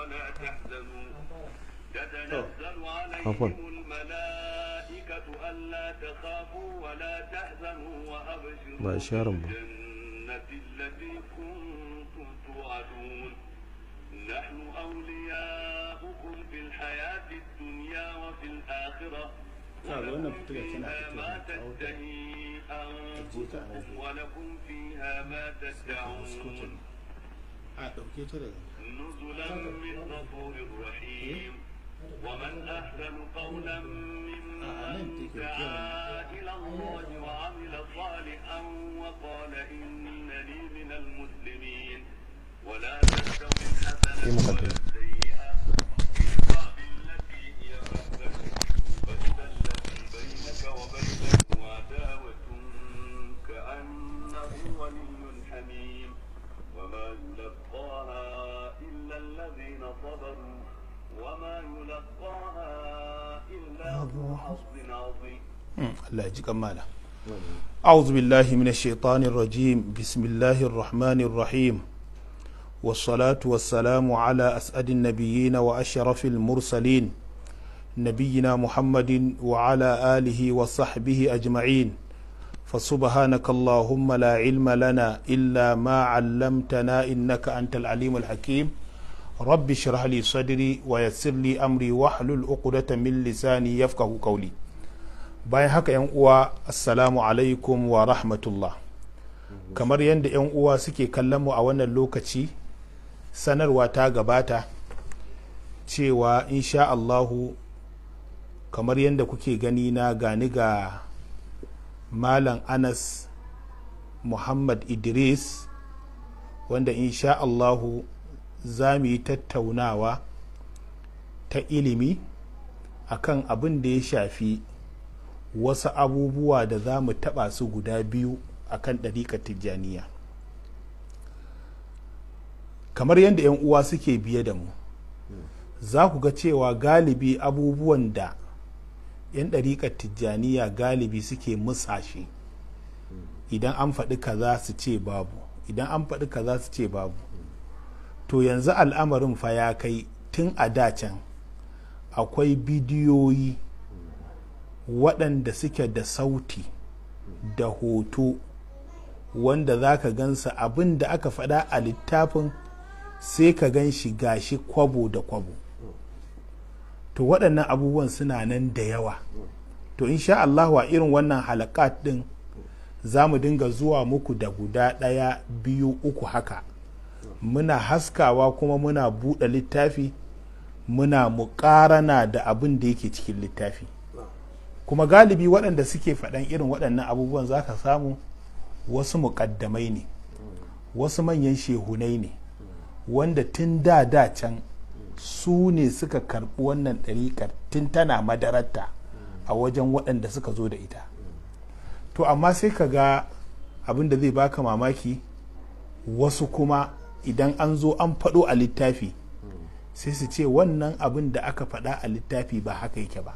ولا تحزنوا تتنزل عليهم الملائكة ألا تخافوا ولا تحزنوا وأبشروا بالجنة التي كنتم توعدون نحن أولياؤكم في الحياة الدنيا وفي الآخرة ولكم فيها ما تدعي ولكم فيها ما تدعون نزلا من غفور رحيم ومن أحسن قولا ممن دعا إلى الله وعمل صالحا وقال إنني من المسلمين ولا تستوي الحسنة وما يلقاها إلا ذو حظ عظيم الله يجزيك مالا أعوذ بالله من الشيطان الرجيم بسم الله الرحمن الرحيم والصلاة والسلام على أسعد النبيين وأشرف المرسلين نبينا محمد وعلى آله وصحبه أجمعين فسبحانك اللهم لا علم لنا إلا ما علمتنا إنك أنت العليم الحكيم rabbi shrah li wa yassir amri wa hlul uqdata min lisani yafqahu qawli bayan haka yan uwa assalamu alaikum wa rahmatullah kamar yadda yan uwa suke kallon mu a wannan lokaci sanarwa ta gabata cewa insha Allahu kamar yadda kuke gani na gani ga malam Anas Muhammad Idris wanda insha Allahu za mu yi tattaunawa ta ilimi a kan abin da ya shafi wasu abubuwa da za mu taɓa su guda biyu akan ɗariƙa tijjaniya kamar yadda 'yan uwa suke biye da mu za ku ga cewa galibi abubuwan da 'yan ɗariƙar tijjaniya galibi suke musashe idan an faɗi kaza su idan an faɗi kaza su ce babu to yanzu al'amarin fa ya kai tun a dacen akwai bidiyoyi waɗanda suke da sauti da hoto wanda za ka gansa abin da aka faɗa a littafin sai ka gan shi gashi kwabo da kwabo to waɗannan abubuwan suna nan da yawa to insha Allah wa irin wannan halakat ɗin za mu dinga zuwa muku da guda ɗaya biyu uku haka muna haskawa kuma muna buɗe littafi muna muƙarana da abin da yake cikin littafi kuma galibi waɗanda suke faɗan irin waɗannan abubuwan za ka samu wasu muƙaddamai ne wasu manyan shehunai ne wanda tun da da can su ne suka karɓi wannan ɗariƙar tun tana madararta a wajen waɗanda suka zo da ita to amma sai ka ga abin da zai baka mamaki wasu kuma idan an zo an faɗo a littafi sai su ce wannan abin da aka faɗa a littafi ba haka yake ba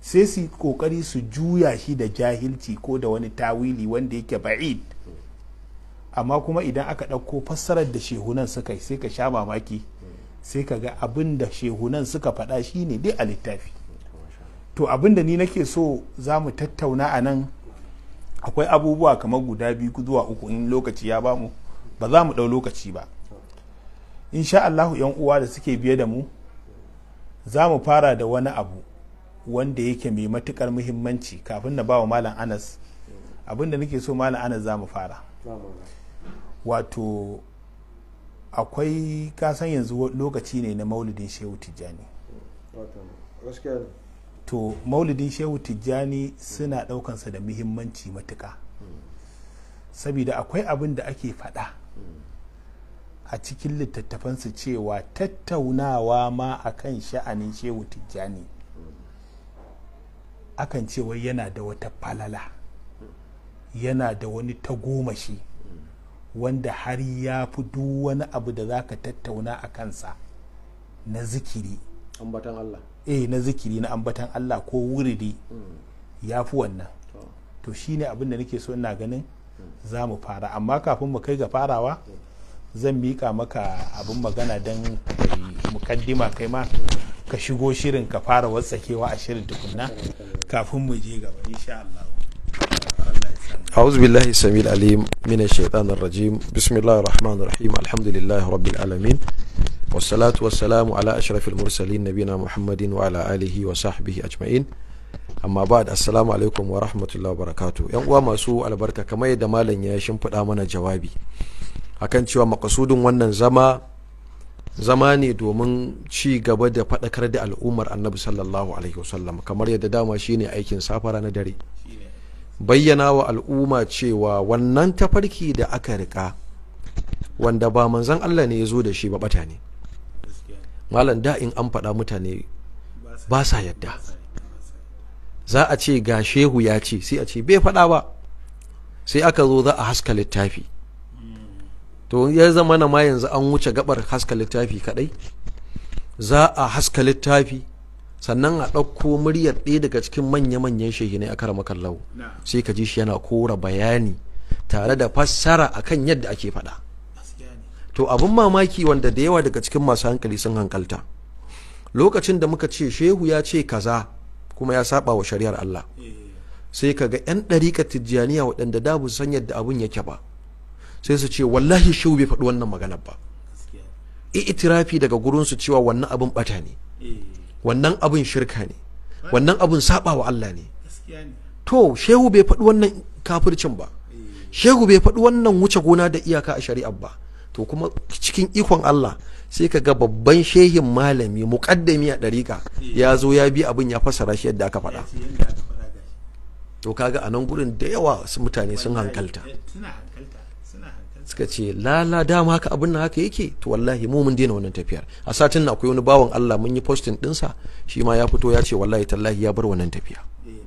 sai su kokari su juya shi da jahilci ko da wani tawili wanda yake ba'id amma kuma idan aka ɗauko fassarar da shehunan suka yi sai ka sha mamaki sai ka ga abin da shehunan suka faɗa shi ne dai a littafi to abin da ni nake so za mu tattauna a nan akwai abubuwa kamar guda biyu zuwa uku in lokaci ya bamu ba za mu ɗau lokaci ba insha Allahu yan uwa da suke biye da mu za mu fara da wani abu wanda yake mai matukar muhimmanci kafin na bawa malam anas abin da nake so malam anas za mu fara wato akwai kasan yanzu lokaci ne na maulidin shehu tijjani to maulidin shehu tijjani suna daukansa da muhimmanci matuka sabida akwai abin da ake faɗa a cikin littattafansu cewa tattaunawa ma akan sha'anin shehu tijjani akan cewa yana da wata falala yana da wani tagomashi wanda har ya fi duk wani abu da za ka tattauna a kansa na zikiri Allah eh na zikiri na ambatan Allah ko wuridi mm. ya fi wannan to shine abin da nake so ina ganin za mu fara amma kafin mu kai ga farawa mm. zan miƙa maka abin magana don mukaddima kai ma ka shigo shirin ka fara watsakewa a shirin tukunna kafin mu je gaba insha Allah أعوذ بالله السميع العليم من الشيطان الرجيم بسم الله الرحمن الرحيم الحمد لله رب العالمين والصلاة والسلام على أشرف المرسلين نبينا محمد وعلى آله وصحبه أجمعين أما بعد السلام عليكم ورحمة الله وبركاته wa barakatu yan uwa masu albarka kamar yadda malam ya shimfiɗa mana akan cewa makasudin wannan zama zama ne domin ci gaba da faɗakar da al'ummar annabi sallallahu alaihi wasallam kamar yadda dama shine aikin safara na dare bayyana wa al'umma cewa wannan tafarki da aka rika wanda ba manzan Allah ne ya zo da shi ba bata ne malam da in an faɗa mutane ba sa yadda za a ce ga shehu ya ce sai a ce bai faɗa ba sai aka zo za a haska littafi to ya zama na ma yanzu an wuce gabar haska littafi kadai za a haska littafi sannan a ɗauko muryar ɗaya daga cikin manya-manyan shehinai a karama kallau sai ka ji shi yana kora bayani tare da fassara akan yadda ake faɗa to abin mamaki wanda da yawa daga cikin masu hankali sun hankalta lokacin da muka ce shehu ya ce kaza kuma ya saba wa shari'ar Allah eh. sai ka ga 'yan ɗariƙar tijjaniya waɗanda da bu san yadda abin yake ba sai su ce wallahi shehu bai faɗi wannan magana ba itirafi daga gurinsu cewa wannan abin bata ne eh. wannan abin shirka ne wannan abin saba wa Allah ne to shehu bai faɗi wannan kafircin ba eh. shehu bai faɗi wannan wuce gona da iyaka a shari'ar ba to kuma cikin ikon Allah sai ka ga babban shehin malami muƙaddami a ɗariƙa eh. ya zo ya bi abin ya fassara shi yadda aka faɗa to kaga a nan gurin da yawa mutane sun hankalta suka ce lala dama haka abin nan haka yake to wallahi mu mun daina wannan tafiyar a satin na akwai wani bawan Allah mun yi posting dinsa shi ma ya fito ya ce wallahi tallahi ya bar wannan tafiya eh,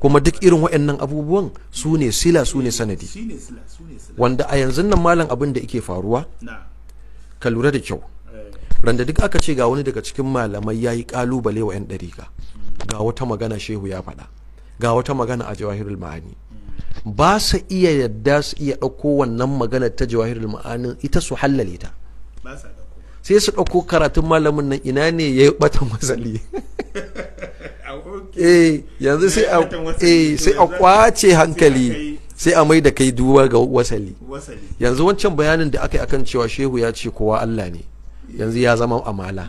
kuma duk irin waɗannan abubuwan su ne sila su ne sanadi wanda a yanzu nan malam abin da yake faruwa ka lura da kyau eh. randa duk aka ce ga wani daga cikin malamai ya yi kalubale wa 'yan ɗariƙa ga wata magana shehu ya faɗa ga wata magana a jawahirul ma'ani ba su iya yadda su iya ɗauko wannan magana ta jawahir ma'anin ita su hallale ta sai su ɗauko karatun malamin nan ina ne ya yi ɓatan wasali ah, eh yanzu sai a eh, sai a kwace hankali sai a mai da kai duba ga wasali yanzu wancan bayanin da aka yi akan cewa shehu ya ce kowa Allah ne yanzu ya zama amala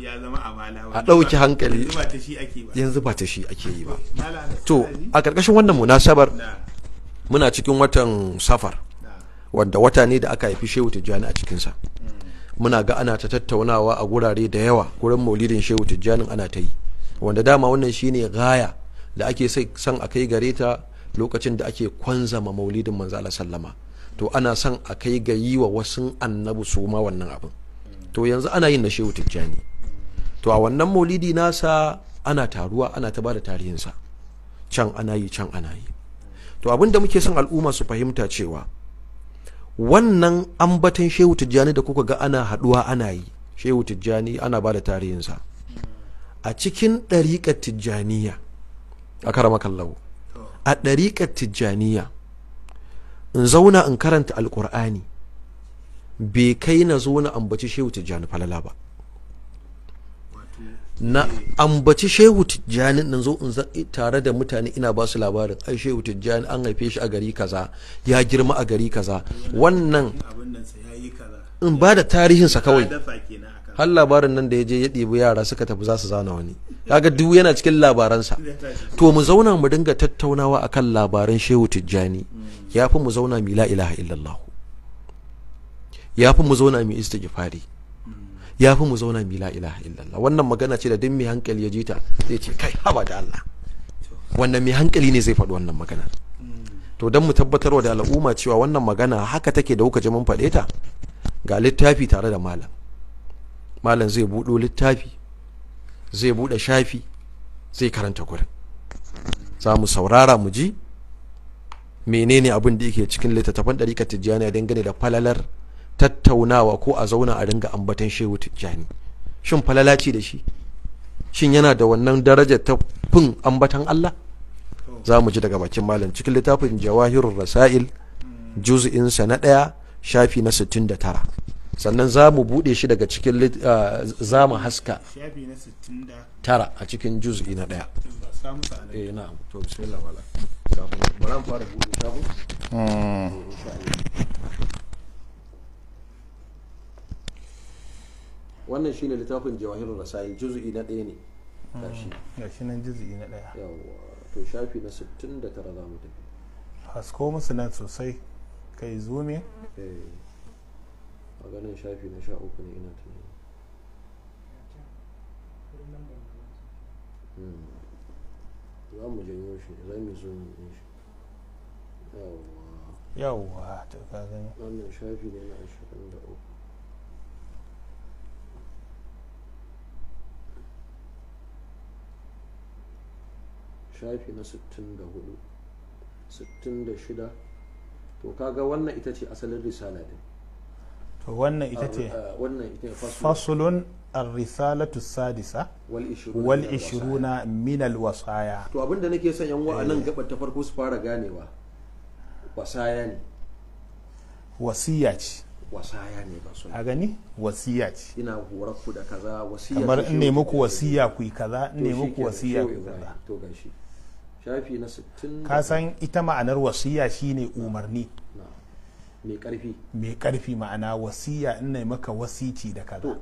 a ɗauki hankali yanzu ba ta shi ake yi ba to a ƙarƙashin wannan munasabar muna cikin watan safar wanda wata ne da aka haifi shehu tijjani a cikinsa mm. muna ga ana ta tattaunawa a gurare da yawa gurin maulidin shehu tijjanin ana ta yi wanda dama wannan shine gaya da ake son a kai gare ta lokacin da ake kwanzama maulidin manzala sallama to ana son a kai ga yi wa wasu annabu su ma wannan abin mm. to yanzu ana yin na shehu tijjani mm. to a wannan maulidi nasa ana taruwa ana ta ba bada tarihinsa can ana yi can ana yi to abin da muke son al'umma su fahimta cewa wannan ambaton shehu tijjani da kuka ga ana haduwa ana yi shehu tijjani ana ba da tarihinsa a cikin ɗariƙar tijjaniya a karama kallawo a ɗariƙar tijjaniya in zauna in karanta alƙur'ani bai kai na zo na ambaci shehu tijjani falala ba na ambaci shehu tijjani nan zo tare da mutane ina ba su labarin ai shehu tijjani an haife shi a gari kaza ya girma a gari kaza wannan in ba da tarihinsa kawai har labarin nan da ya je ya ɗebi yara suka tafi za su zana wani kaga duk yana cikin labaransa to mu zauna mu dinga tattaunawa akan labaran shehu tijjani ya fi mu zauna mi la ilaha illallah ya fi mu zauna mi istighfari ya fi mu zauna mila la ilaha illallah wannan magana ce da duk mai hankali ya ji ta zai ce kai haba da Allah wannan mai hankali ne zai faɗi wannan magana to don mu tabbatar wa da al'umma cewa wannan magana haka take da kuka ji mun faɗe ta ga littafi tare da malam malam zai buɗo littafi zai buɗe shafi zai karanta gurin za mu saurara mu ji menene abin da yake cikin littattafan ɗarikar a dangane da falalar tattaunawa ko a zauna a ringa ambatan shehu tijjani shin falalaci da shi shin yana da wannan daraja ta fin ambatan Allah za mu ji daga bakin malam cikin littafin jawahirur rasail juz'in sa na ɗaya shafi na 69 sannan za mu buɗe shi daga cikin ah, za mu haska tara a cikin juz'i na ɗaya eh na'am to bismillah wala kafin fara buɗe wannan shine littafin jawahirun rasail juzu'i na ɗaya ne gashi hmm. gashi nan juzu'i na ɗaya yawa to shafi na 69 za mu tafi hasko musu nan sosai kai zume eh maganin shafi na sha uku ne ina tunani hmm. za mu janyo shi za mu zo mu yi shi yawwa yawwa ta kaga wannan shafi ne na 23 shafi na 64 66 to kaga wannan ita ce asalin risala din to wannan ita ce uh, wannan ita fasulun arrisalatu sadisa wal ishiruna min al-wasaya to abinda nake son yan wa'anan eh. gaba ta farko su fara ganewa wasaya ne wasiya ce wasaya ne ba su a gani wasiya ce ina horar ku da kaza wasiya kamar in ne muku wasiya ku yi kaza in ne muku wasiya ku yi kaza to gashi shafi na 60 ka san ita ma'anar wasiya shine umarni mai karfi mai karfi ma'ana wasiya in maka wasici da kaza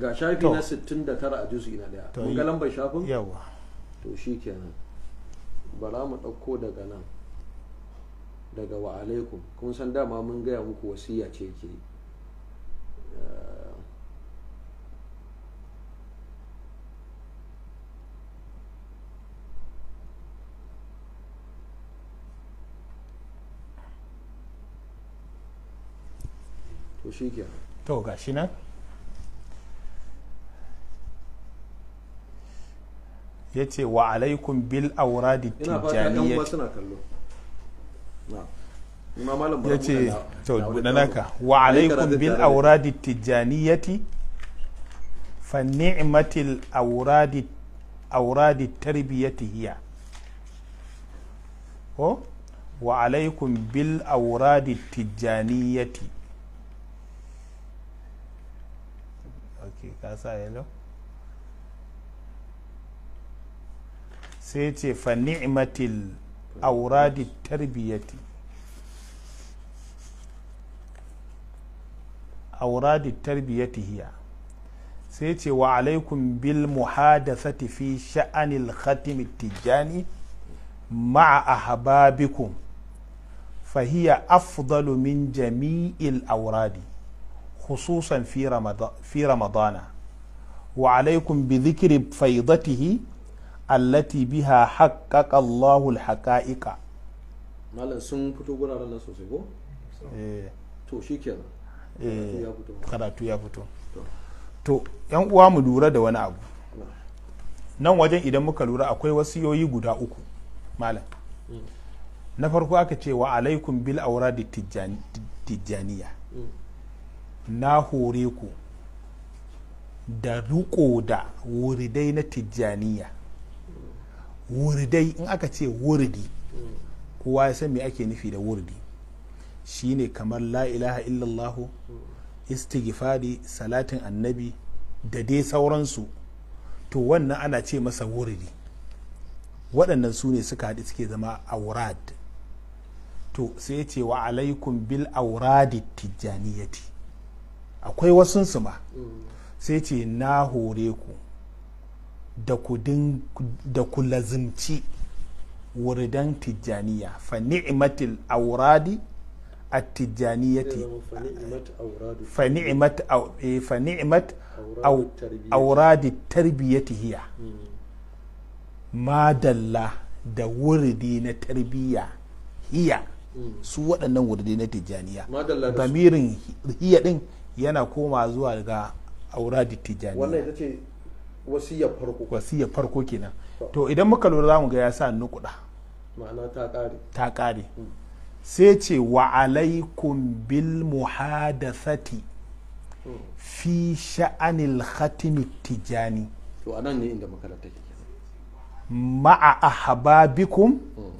ga shafi na 69 a juzi na daya mun ga lambar shafin yawa to shikenan bara mu dauko daga nan daga wa alaikum kun san dama mun gaya muku wasiya ce ke to shi ke to ga shi nan ya ce wa alaikun bil auradi tijjaniya ya ce da naka wa alaikum bil auradi tijjaniyati fa ni'matil auradi auradi tarbiyati hiya wa bil auradi tijjaniyati ka sa sai ce fa ni'matil auradi tarbiyati auradi tarbiyati hiya sai ce wa alaikum bil muhadathati fi sha'anil khatim tijani ma'a ahbabikum hiya afdalu min jami'il auradi خصوصا في رمضان في رمضان وعليكم بذكر فيضته التي بها حقق الله الحقائق malam sun fito guraren nan sosai ko to shikenan karatu ya fito to yan uwa mu lura da wani abu nan wajen idan muka lura akwai wasiyoyi guda uku malam mm. na farko aka ce wa alaikum bil aura da tijjaniya mm. na hore ku da riko da wuridai na tijjaniya wuridai in aka ce wuridi kowa ya san me ake nufi da wuridi shine kamar la ilaha illallahu istighfari salatin annabi da dai sauransu to wannan ana ce masa wuridi waɗannan su ne suka haɗu suke zama aurad to sai ce wa alaikum bil auradi tijjaniyati akwai wasunsu ma sai ce na hore ku da ku lazimci wuridan tijjaniya fa ni'matil auradi a tijjaniyati fa ni'mat fa ni'mat eh, auradi tarbiyati hiya mm. madalla da wuridi na tarbiya hiya mm. su waɗannan wuridi na tijjaniya damirin hiya din yana koma zuwa ga auradi tijani wannan ita ce wasiyar farko wasiyar farko kenan to idan muka lura zamu ga ya sa nukuda ma'ana ta kare ta kare mm. sai ce wa alaikum bil muhadathati mm. fi sha'anil khatimi tijani to anan ne inda muka take ma'a ahbabikum mm.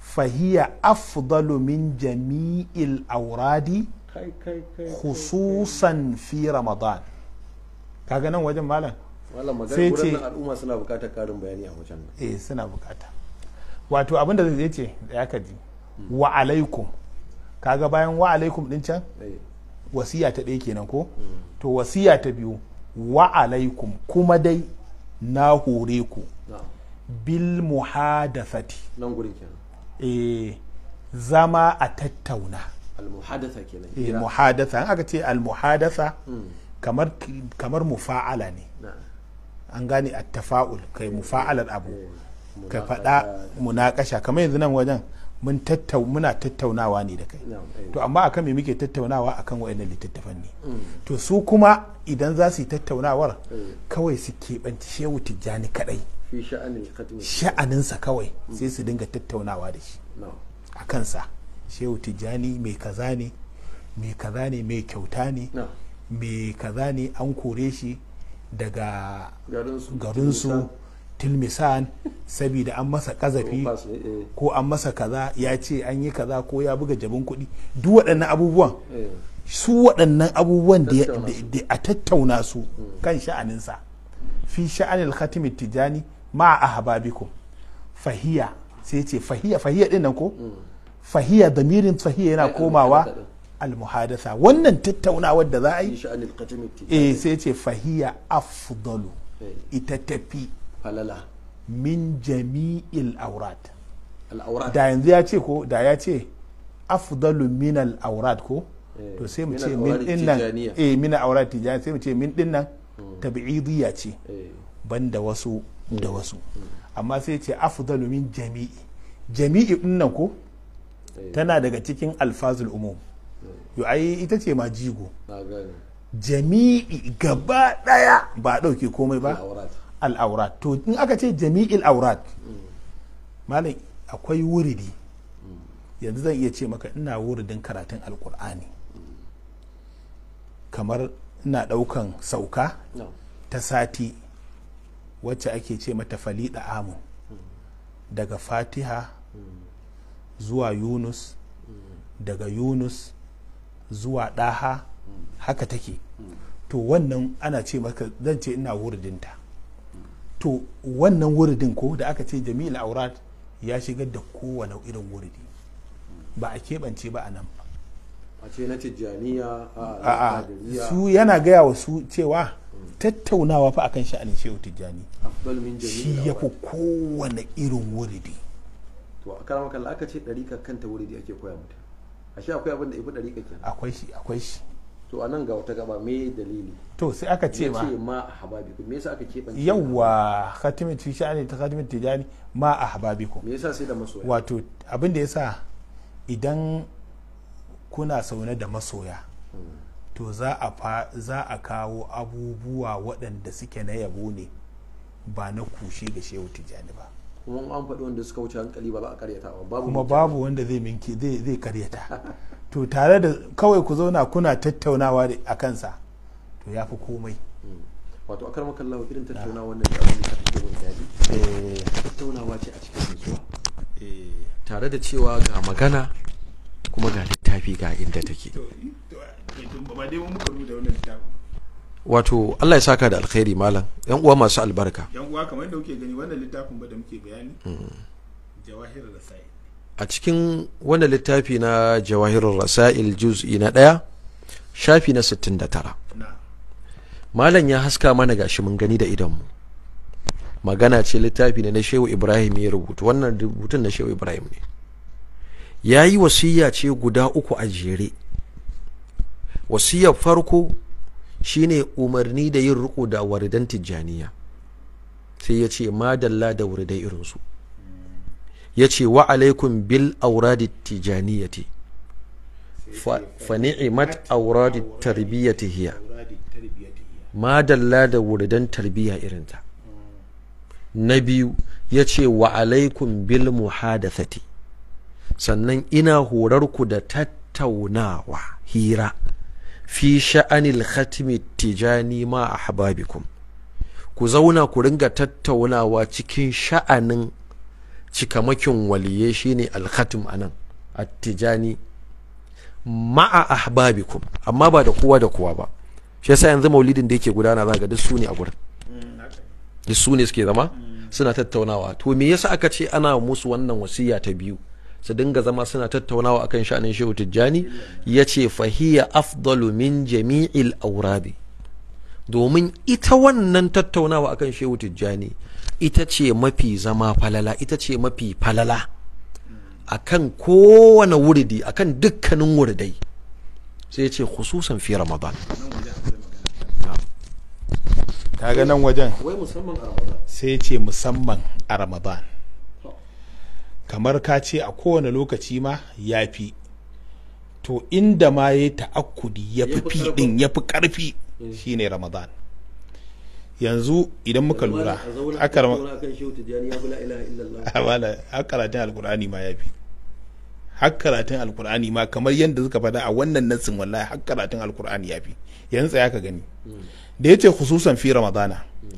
fahiya afdalu min jami'il auradi khususan fi ramadan kaga nan wajen malam sai ce al'umma suna bukatar karin bayani a wajen eh suna bukata wato abin da zai ce da ya kaji hmm. wa alaikum kaga bayan wa alaikum din can eh. wasiya ta ɗaya kenan ko hmm. to wasiya ta biyu wa alaikum kuma dai na hore ku bil muhadathati nan gurin kenan eh zama a tattauna al-muhadatha kenan eh muhadatha an aka ce al-muhadatha kamar kamar mufa'ala ne an gane a tafaul kai mufa'alar abu ka faɗa munakasha kamar yanzu nan wajen mun tattau muna tattaunawa ne da kai to amma akan me muke tattaunawa akan wayannan littattafan ne to su kuma idan za su yi tattaunawar kawai su keɓanci shehu tijjani kadai sha'aninsa kawai sai su dinga tattaunawa da shi a kansa shehu tijjani mai kaza ne mai kaza ne mai kyauta ne mai kaza ne an kore shi daga garinsu tilmisan saboda an masa kazafi eh, eh. ko an masa kaza ya ce an yi kaza ko ya buga jabin kuɗi duk waɗannan abubuwan eh. su waɗannan abubuwan da a tattauna su hmm. kan sha'aninsa fi sha'anil khatimi tijani ma a fahiya sai ce fahiya fahiya ɗin ko hmm. fahiya damirin fahiya yana eh, komawa almuhadasa wannan tattaunawar da za a yi eh sai ce fahiya afdalu eh. ita tafi falala min jami'il aurat da yanzu ya ce ko da ya ce afdalu min al aurat ko eh, to sai mu ce min dinnan eh hmm. min aurat tijani sai mu ce min dinnan tabi'idiyya ce banda wasu da hmm. wasu hmm. amma sai ce afdalu min jami'i jami'i dinnan ko Eh. tana daga cikin alfazul umum yo ai ita ce ma jigo jami'i gaba daya ba dauke komai ba al'aurat to in aka ce jami'il aurat mm. malam akwai wuridi mm. yanzu zan iya ce maka ina wuridin karatun alkur'ani kamar ina daukan sauka ta sati wacce ake ce mata falida amu mm. daga fatiha zuwa yunus daga yunus zuwa daha haka take to wannan ana ce maka zan ce ina wurdinta to wannan wurdin ko da aka ce jamil aurat ya shigar da kowane irin wurdi ba a keɓance ba a nan ba. a ce na tijjaniya a su yana gaya wa su cewa tattaunawa fa akan sha'anin shehu tijjani shi ya fi kowane irin wurdi to a karamar kalla aka ce ɗarika kanta da ake koya mutum ashe akwai abin da ibi ɗarika ke akwai shi akwai shi to a nan ga wata gaba me dalili to sai aka ce ma ma ahbabikum me yasa aka ce ban khatimin tijani ta khatimin tijani ma ahbabikum me yasa sai da masoya wato abin da yasa idan kuna saune da masoya hmm. to za a fa za a kawo abubuwa waɗanda suke na yabo ne ba na kushe ga shehu tijani ba kuma an faɗi wanda suka wuce hankali ba a karyata ba kuma babu wanda zai minke zai karyata to tare da kawai ku zauna kuna tattaunawa a kansa to ya fi komai hmm. wato akar maka Allah irin tattaunawa wannan da abin da take wani dadi eh. tattaunawa ce a cikin nutsuwa eh, tare da cewa ga magana kuma ga littafi ga inda take to ba dai mun muka da wannan littafin wato Allah ya saka da alkhairi malam yan uwa masu albarka yan uwa kamar da kuke gani wannan littafin ba da muke bayani jawahir rasail a cikin wannan littafi na jawahir rasail juz'i na daya shafi na 69 malam ya haska mana gashi mun gani da idonmu magana ce littafi ne na Shehu Ibrahim ya rubuta wannan rubutun na Shehu Ibrahim ne yayi wasiya ce guda uku a jere wasiyar farko shine umarni da yin riko da waridan tijjaniya sai ya ce madalla da waridai irinsu ya ce wa alaikun bil auradi te, fa ni'imat auradi tarbiyyati hiya madalla da wuridan tarbiyya irinta na biyu ya ce wa alaikun bil muhadathati sannan ina horarku da tattaunawa hira fi sha'anil khatmi tijani ma ahbabikum ku zauna ku ringa tattaunawa cikin sha'anin cikamakin waliye shine alkhatim anan attijani ma'a ahbabikum amma ba da kowa da kowa ba shi yasa yanzu maulidin da yake gudana za ga duk su ne a gurin duk su ne suke zama suna tattaunawa to me yasa aka ce ana musu wannan wasiya ta biyu su dinga zama suna tattaunawa akan sha'anin shehu tijjani ya ce fahiya afdalu min jami'il aurabi domin ita wannan tattaunawa akan shehu tijjani ita ce mafi zama falala ita ce mafi falala akan kowane wuridi akan dukkanin wuridai sai ce khususan fi ramadan ta ga nan wajen sai ce musamman a ramadan kamar ka ce a kowane lokaci ma ya fi to inda ma ya ta'akkudi ya fi fiɗin ya fi ƙarfi shine ramadan yanzu idan muka lura a karatun alkur'ani ma ya fi har karatun alkur'ani ma kamar yadda suka faɗa a wannan nassin wallahi har karatun alkur'ani ya fi yanzu tsaya ka gani hmm. da ya ce khususan fi ramadana hmm.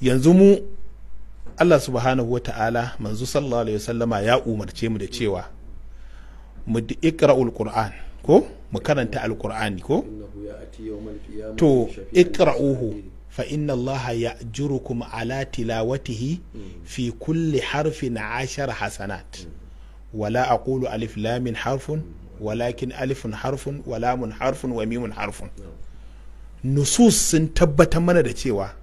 yanzu mu Allah subhanahu wata'ala manzo sallallahu alaihi wasallama ya umarce mu da cewa mu iqra'ul qur'an ko mu karanta alqur'ani ko to iqra'uhu fa inna Allah ya'jurukum ala tilawatihi hmm. fi kulli harfin ashar hasanat hmm. wala aqulu alif lam harfun hmm. walakin alifun harfun walamun harfun wa mimun harfun nusus sun tabbatar mana da cewa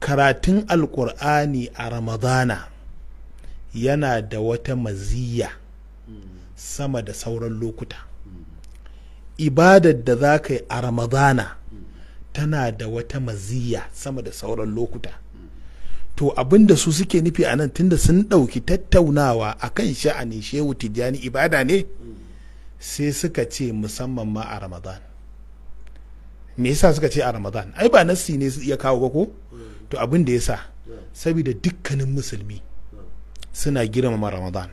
karatun alkur'ani a ramadana yana da wata maziya sama da sauran lokuta ibadar da za ka yi a ramadana tana da wata maziya sama da sauran lokuta to abinda su suke nufi a nan tunda sun ɗauki tattaunawa a kan sha'ani shehu tijjani ibada ne sai suka ce musamman ma a ramadan me yasa suka ce a ramadan ai ba nassi ne ya kawo ba ko to abin da ya sa saboda dukkanin musulmi suna girmama ramadan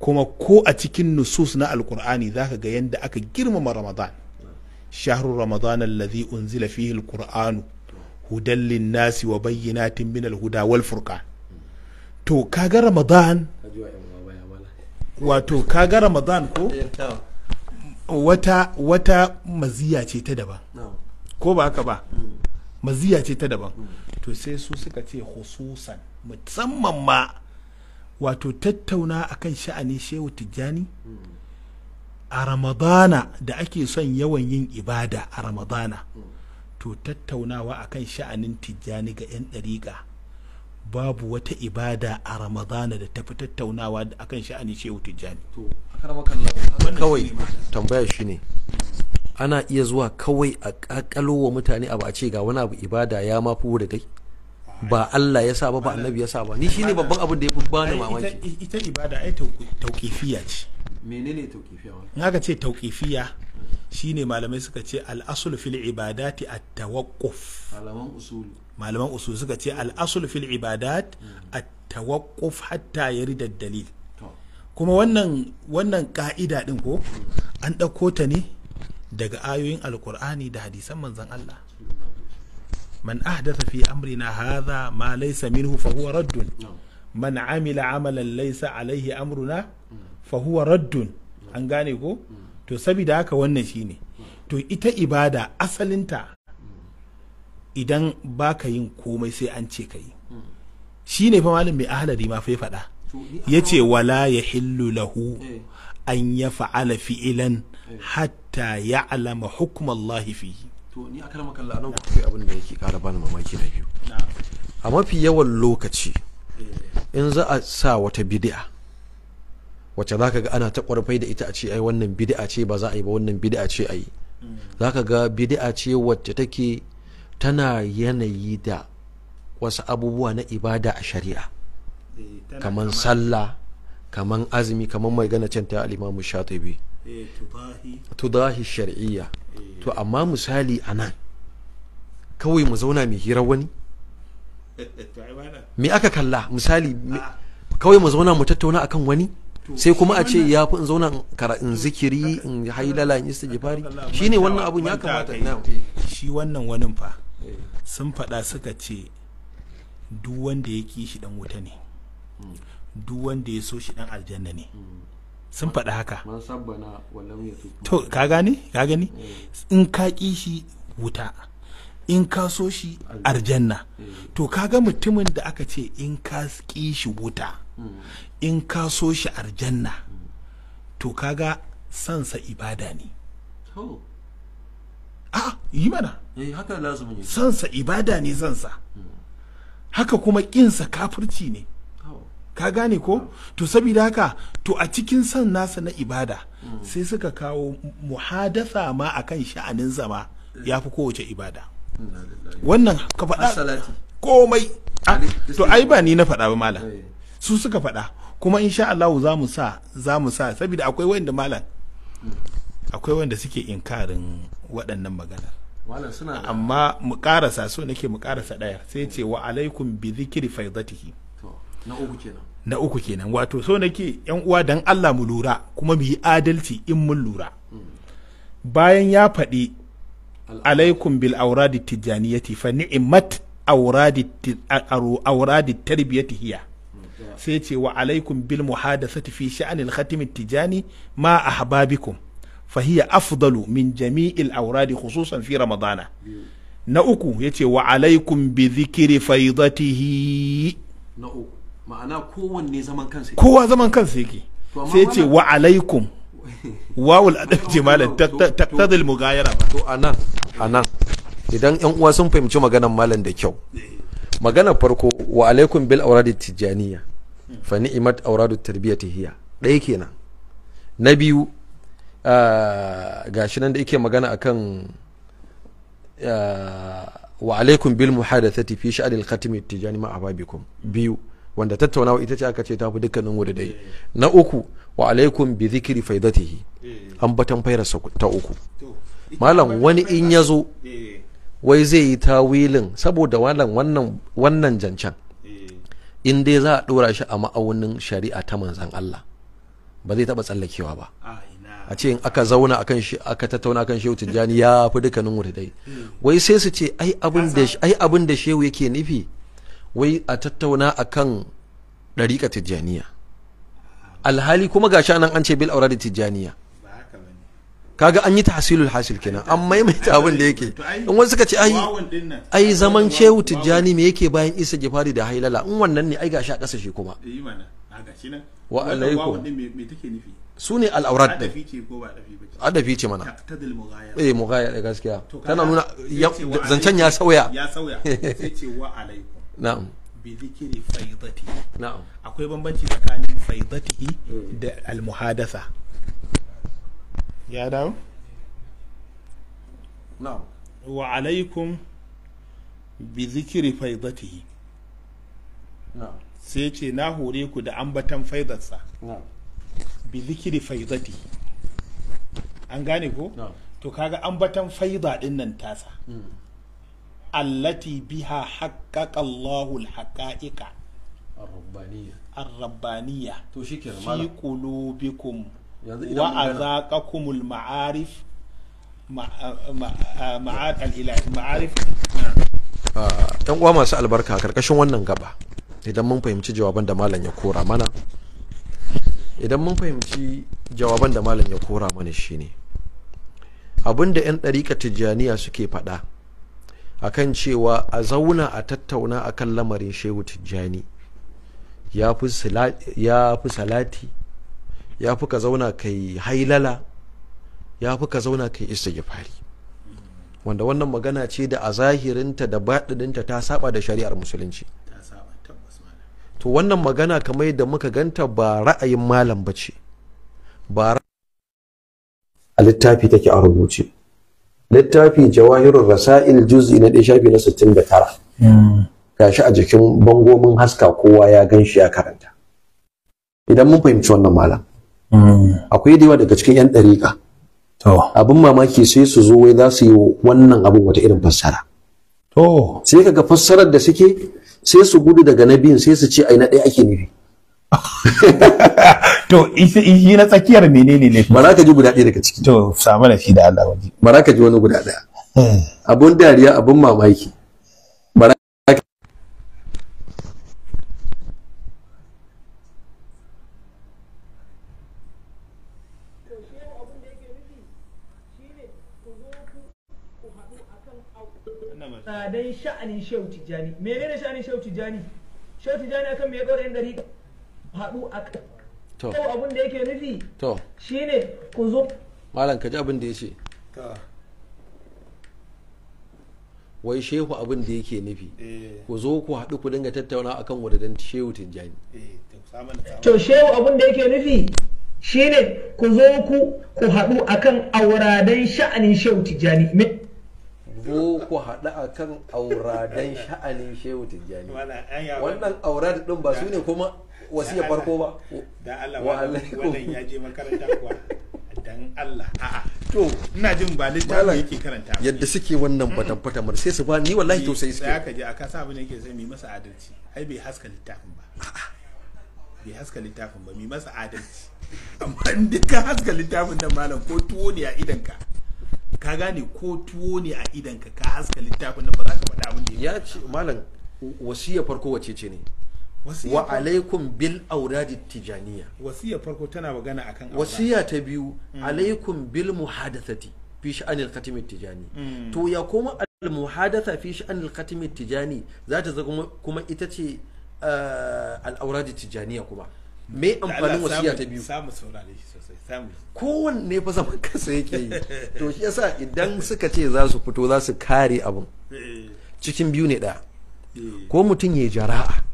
kuma ko a cikin nusus na alkur'ani za ka ga yadda aka girmama ramadan shahru ramadan alladhi unzila fihi alqur'anu hudan linnasi wa bayyinatin min alhuda wal furqan to kaga ramadan wato kaga ramadan ko wata wata maziya ce ta daban ko ba haka ba mm. maziya ce ta daban to sai su suka ce hususan musamman ma wato tattauna akan sha'ani shehu tijjani a ramadana da ake son yawan yin ibada a ramadana to tattaunawa akan sha'anin tijjani ga 'yan ɗariƙa babu wata ibada a ramadana da tafi tattaunawa akan sha'anin shehu tijjani kawai tambaya shi ne ana iya zuwa kawai a kakalo wa mutane abu a ce ga wani abu ibada ya ma fi da kai ba Allah ya sa ba ba annabi ya sa ba ni shine babban abin da ya fi bani mamaki ita ibada ai tauqifiya ce menene tauqifiya in ka ce tauqifiya shine malamai suka ce al-aslu fil ibadati at-tawaqquf malaman usul malaman usul suka ce al-aslu fil ibadat hmm. at-tawaqquf hatta yarida dalil kuma wannan wannan ka'ida din ko an ɗauko ta ne daga ayoyin alkur'ani da hadisan manzon Allah man ahdatha fi amrina hadha ma laysa minhu fa huwa raddun man amila amalan laysa alaihi amruna fa huwa raddun an gane ko to saboda haka wannan shine to ita ibada asalinta idan baka yin komai sai an ce ka yi shine fa malam mai ahlari ma fai faɗa yace wala yahillu lahu eh. an ya yaf'ala fi'lan eh. hatta hatta ya alama hukumallahi fihi to ni a kalmar kalla nan kuma abin yake kara bani mamaki na biyu a mafi yawan lokaci eh. in za a sa wata bid'a wacce zaka ga ana ta kwarfai da ita a ce ai wannan bid'a ce ba za a yi ba wannan bid'a ce a yi mm. zaka ga bid'a ce wacce take tana yanayi da wasu abubuwa na ibada a shari'a eh, kamar sallah kamar azumi kamar mai gana canta alimamu shata shatibi Eh, tudahi shari'iyya eh. to amma misali a nan kawai mu zauna mai hira wani me aka kalla misali ah. kawai mu zauna mu tattauna akan wani sai kuma a ce ya fi in zauna in zikiri eh, in haidala in shi shine wannan abun ya kamata na shi wannan wani fa sun faɗa suka ce duk wanda ya ki shi dan wuta ne hmm. duk wanda ya so shi dan aljanna ne hmm. sun faɗi haka to ka gane ka gani eh. in ka ƙi shi wuta in ka so shi arjanna eh. to kaga mutumin da aka ce in ka ƙi shi wuta hmm. in ka so shi arjanna hmm. to kaga sansa ibada ne a yi mana eh, sansa ibada ne sansa hmm. haka kuma ƙinsa kafirci ne ka gane ko to saboda haka to a cikin son nasa na ibada sai suka kawo muhadasa ma akan sha'anin zama ya fi kowace ibada wannan ka faɗa komai ah, to ai ba ni na faɗa ba malam eh. su suka faɗa kuma insha Allah za mu sa za mu sa saboda akwai wanda malam akwai wanda suke inkarin waɗannan magana amma mu karasa so nake mu karasa ɗaya sai ce wa alaikum bi zikri faidatihi na uku kenan na uku kenan wato so nake yan uwa dan Allah mu lura kuma mu yi adalci in mun lura bayan ya faɗi alaikum bil auradi tijaniyati fa ni'mat auradi auradi tarbiyati hiya mm, sai ce wa alaikum bil muhadathati fi sha'anil khatim tijani ma ahbabikum fa hiya afdalu min jami'il auradi khususan fi ramadana na uku yace wa alaikum bi dhikri faidatihi na uku ma'ana kowanne zaman kansa kowa zaman kansa yake sai ce wa alaikum wawul adab ce malam taktadil mugayara ba to anan anan idan yan uwa sun fahimci maganar malam da kyau magana farko wa alaikum bil auradi tijaniya fa ni'mat auradu tarbiyati hiya ɗaya kenan na biyu ah, gashi nan da yake magana akan ah, wa alaikum bil muhadathati fi al khatimi tijani ma ababikum biyu wanda tattaunawa ita ce aka ce ta fi dukkanin wuri dai na uku wa alaikum bi zikri faidatihi eh. an batan fairarsa ta uku malam wani in ya zo eh. wai zai yi tawilin saboda wannan wannan jancan eh. in dai za a ɗora shi a ma'aunin shari'a ta manzan Allah ba zai taba tsallakewa ba a ce in aka zauna akan shi aka tattauna akan shehu tijjani ya fi dukkanin wuri dai hmm. wai sai su ce ai abin da shehu yake nufi wai a tattauna akan ɗariƙa tijjaniya alhali kuma ga nan an ce bil aura da tijjaniya kaga an yi tahsilul hasil kenan an maimaita abin da yake in wasu suka ce ai ai zaman shehu tijjani me yake bayan isa gifari da hailala in wannan ne ai gashi a ƙasa shi kuma eh, wa alaikum su ne al'aurat ɗin adafi ce mana eh mughayar gaskiya tana nuna zancen ya sauya ya sauya sai ce wa alaikum na'am bi zikiri faidati na'am akwai bambanci tsakanin faidatihi da almuhadasa ya dawo na'am wa alaikum bi zikiri faidatihi na'am sai ce na hore ku da ambatan faidarsa na'am bi zikiri faidatihi an gane ko to kaga ambatan faida din nan tasa mm. allati biha haqqaqa Allahu al-haqa'iqa ar-rabbaniyya to shikenan fi qulubikum wa azaqakum al-ma'arif ma'ad al-ilahi ma'arif ah, yan uwa masu albarka karkashin wannan gaba idan mun fahimci jawaban da malam ya kora mana idan mun fahimci jawaban da malam ya kora mana shine abinda yan dariƙa tijjaniya suke faɗa akan cewa a zauna a tattauna a kan lamarin shehu tijjani ya fi salati ya fi ka zauna kai hailala ya fi ka zauna kai istighfari wanda wannan magana ce da a zahirinta da baɗininta ta saba da shari'ar musulunci to wannan magana kamar da muka ganta ba ra'ayin malam ba ce ba a littafi take a rubuce littafi jawahirun rasail juz'i na ɗaya shafi na 69 gashi a jikin bangomin haska kowa ya gan shi ya karanta idan mun fahimci wannan malam akwai da yawa daga cikin yan ɗariƙa abin mamaki sai su zo wai za su yi wannan abin wata irin fassara sai kaga fassarar da suke sai su gudu daga na biyun sai su ce ai na ɗaya ake nufi to yi na tsakiyar menene ne ba ka ji guda ɗaya daga ciki to samu na da Allah waje ka ji wani guda ɗaya eh. abun dariya abun mamaki sha'anin shehu tijjani menene sha'anin shehu tijjani shehu tijjani akan me ya ɗora haɗu to abin da yake nufi to ku zo malam ka ji abin da ya ce wai shehu abin da yake nufi eh. ku zo ku haɗu ku dinga tattauna akan wadadan shehu tijjani eh, to shehu abin da yake nufi shi ne ku zo ku ku haɗu akan auradan sha'anin shehu tijjani zo ku haɗu akan auradan sha'anin shehu tijjani wannan aurad ɗin ba su ne kuma wasi'ya farko ba da Allah wannan ya je makaranta kuwa dan Allah a'a to ina jin ba littafi yake karanta yadda suke wannan hmm. batan mar sai su ba ni wallahi sai suke sai aka je aka sa abin yake sai mu masa adalci ai bai haska littafin ba bai haska littafin ba mu masa adalci amma in ka haska littafin nan malam ko tuwo ne a idan ka ka gane ko tuwo ne a idan ka ka haska littafin nan ba za ka faɗa abin da ya ce malam wasiya farko wace ce ne wa alaikum bil auradi tijaniya wasiya farko tana magana akan aura wasiya ta biyu mm. alaikum bil muhadathati fi sha'anil khatim tijani mm. to ya kuma al muhadatha fi sha'anil khatim tijani za ta zama kuma ita ce eh, al auradi tijaniya kuma me amfanin wasiya ta biyu samu saurare shi sosai samu kowanne fa zaman kansa yake yi to shi yasa idan suka ce za su fito za su kare abin eh. cikin biyu ne daya eh. ko mutum ya jara'a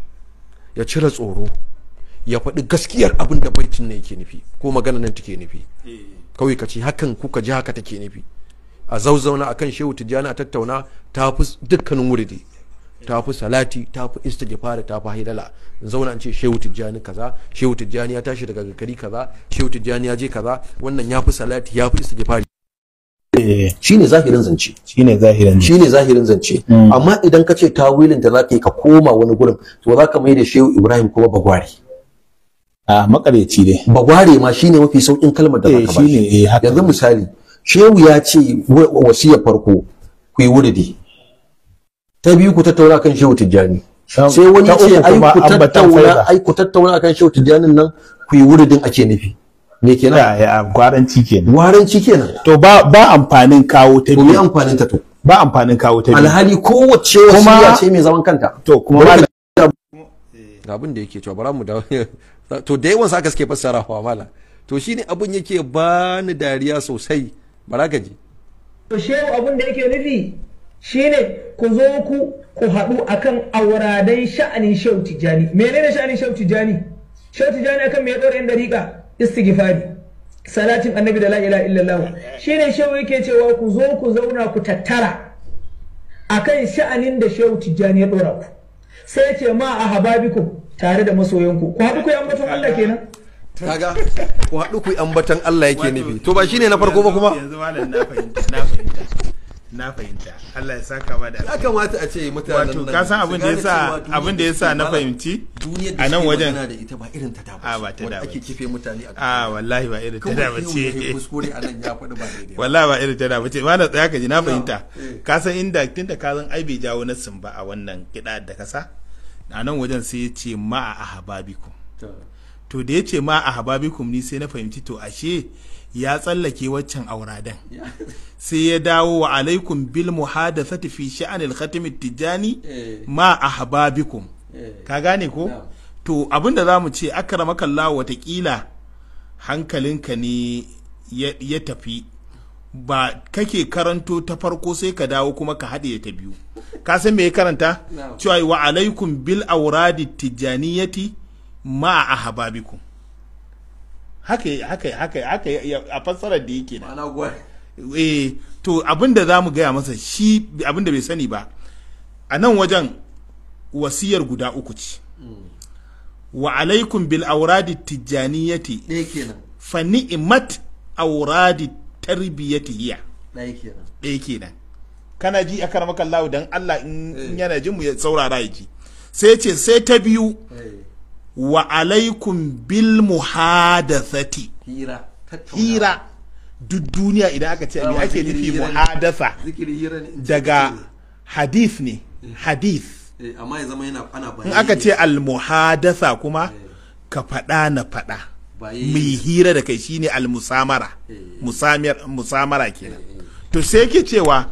ya cire tsoro ya faɗi gaskiyar abin da baitin ne yake nufi ko magana nan take nufi kawai ka ce hakan kuka ji haka take nufi a zauzauna kan shehu tijjani a tattauna ta fi dukkanin wuridi ta fi salati ta fi istighfar ta fi haidala zauna an ce shehu tijjani kaza shehu tijjani ya tashi daga gari kaza shehu tijjani ya je kaza wannan ya fi salati ya fi istighfar Eh. shine zahirin zance shine zahirin shine zahirin zance hmm. amma idan kace tawilin da zaka ka koma wani gurin to zaka mai da shehu ibrahim kuma bagwari a makareci ne bagware ma shine mafi saukin kalmar da eh, ka ba shine eh, yanzu misali shehu ya ce wasiya farko ku yi wurdi ta biyu ku tattauna kan shehu tijjani sai wani ya ce ai ku tattauna ai ku tattauna akan shehu Tijjani nan ku yi wurdin ake nufi me kenan waranci kenan waranci kenan to ba ba amfanin kawo ta biyu me amfanin ta to ba amfanin kawo ta biyu alhali kowace wasiya ce mai zaman kanta to kuma eh, abin da yake cewa bara mu da to da yawan saka suke fassara wa mala to shine abin yake ba ni dariya sosai bara ka ji to shehu abin da yake nufi shine ku zo ku ku haɗu akan auradan sha'anin shehu tijani menene sha'anin shehu tijani shehu tijani akan me ya ɗora yan dariƙa istighfari salatin annabi da la ilaha illallah shine shehu yake cewa ku zo ku zauna ku tattara akan sha'anin da shehu tijjani ya dora ku sai ya ce ma a hababikum tare da masoyanku ku haɗu ku ambaton Allah kenan kaga ku haɗu ku ambaton Allah yake nufi to ba shine na farko ba kuma yanzu malam na fahimta na fahimta na fahimta Allah ya saka ma da ya kamata a ce mutanen wato ka san abin da yasa abin da yasa na fahimci a nan wajen da ita ba irin ta ba ah, ba ta da ake kife mutane a ah, a wallahi ba irin ta da ba ce kuskure a nan ya faɗi ba daidai wallahi ba irin ta da ba ce ba na tsaya ka ji na fahimta eh. ka san inda tunda ka san ai bai jawo na ba a wannan kida da kasa a nan wajen sai ya ce ma a ahababikum to da ya ce ma a ahababikum ni sai na fahimci to ashe ya tsallake waccan auradan sai ya dawo wa alaikum bil muhadathati fi sha'anil khatim tijani eh. ma ahbabikum eh. ka gane ko to abinda mu ce akramaka Allah watakila hankalinka ne ya tafi ba kake karanto ta farko sai ka dawo kuma ka haɗe ta biyu ka san me ya karanta cewa wa alaikum bil auradi tijaniyati ma ahbabikum haka haka haka haka a fassarar da yake na eh to abinda za mu gaya masa shi abinda bai sani ba a nan wajen wasiyar guda uku ce hmm. wa alaikum bil auradi tijjaniyati ɗaya kenan fa ni'mat auradi tarbiyati hiya ɗaya kenan ɗaya kenan kana ji a maka Allah dan Allah in eh. yana jin mu ya saurara ya ji sai ce sai ta biyu eh. wa alaikum bil muhadathati hira hira duk duniya idan aka ce me ake nufi muhadatha daga hadith ne eh. hadith eh, amma ya zama yana ana bayani in aka ce al muhadatha kuma eh. ka fada na fada mai hira da kai shine al musamara musamara kenan to sai yake cewa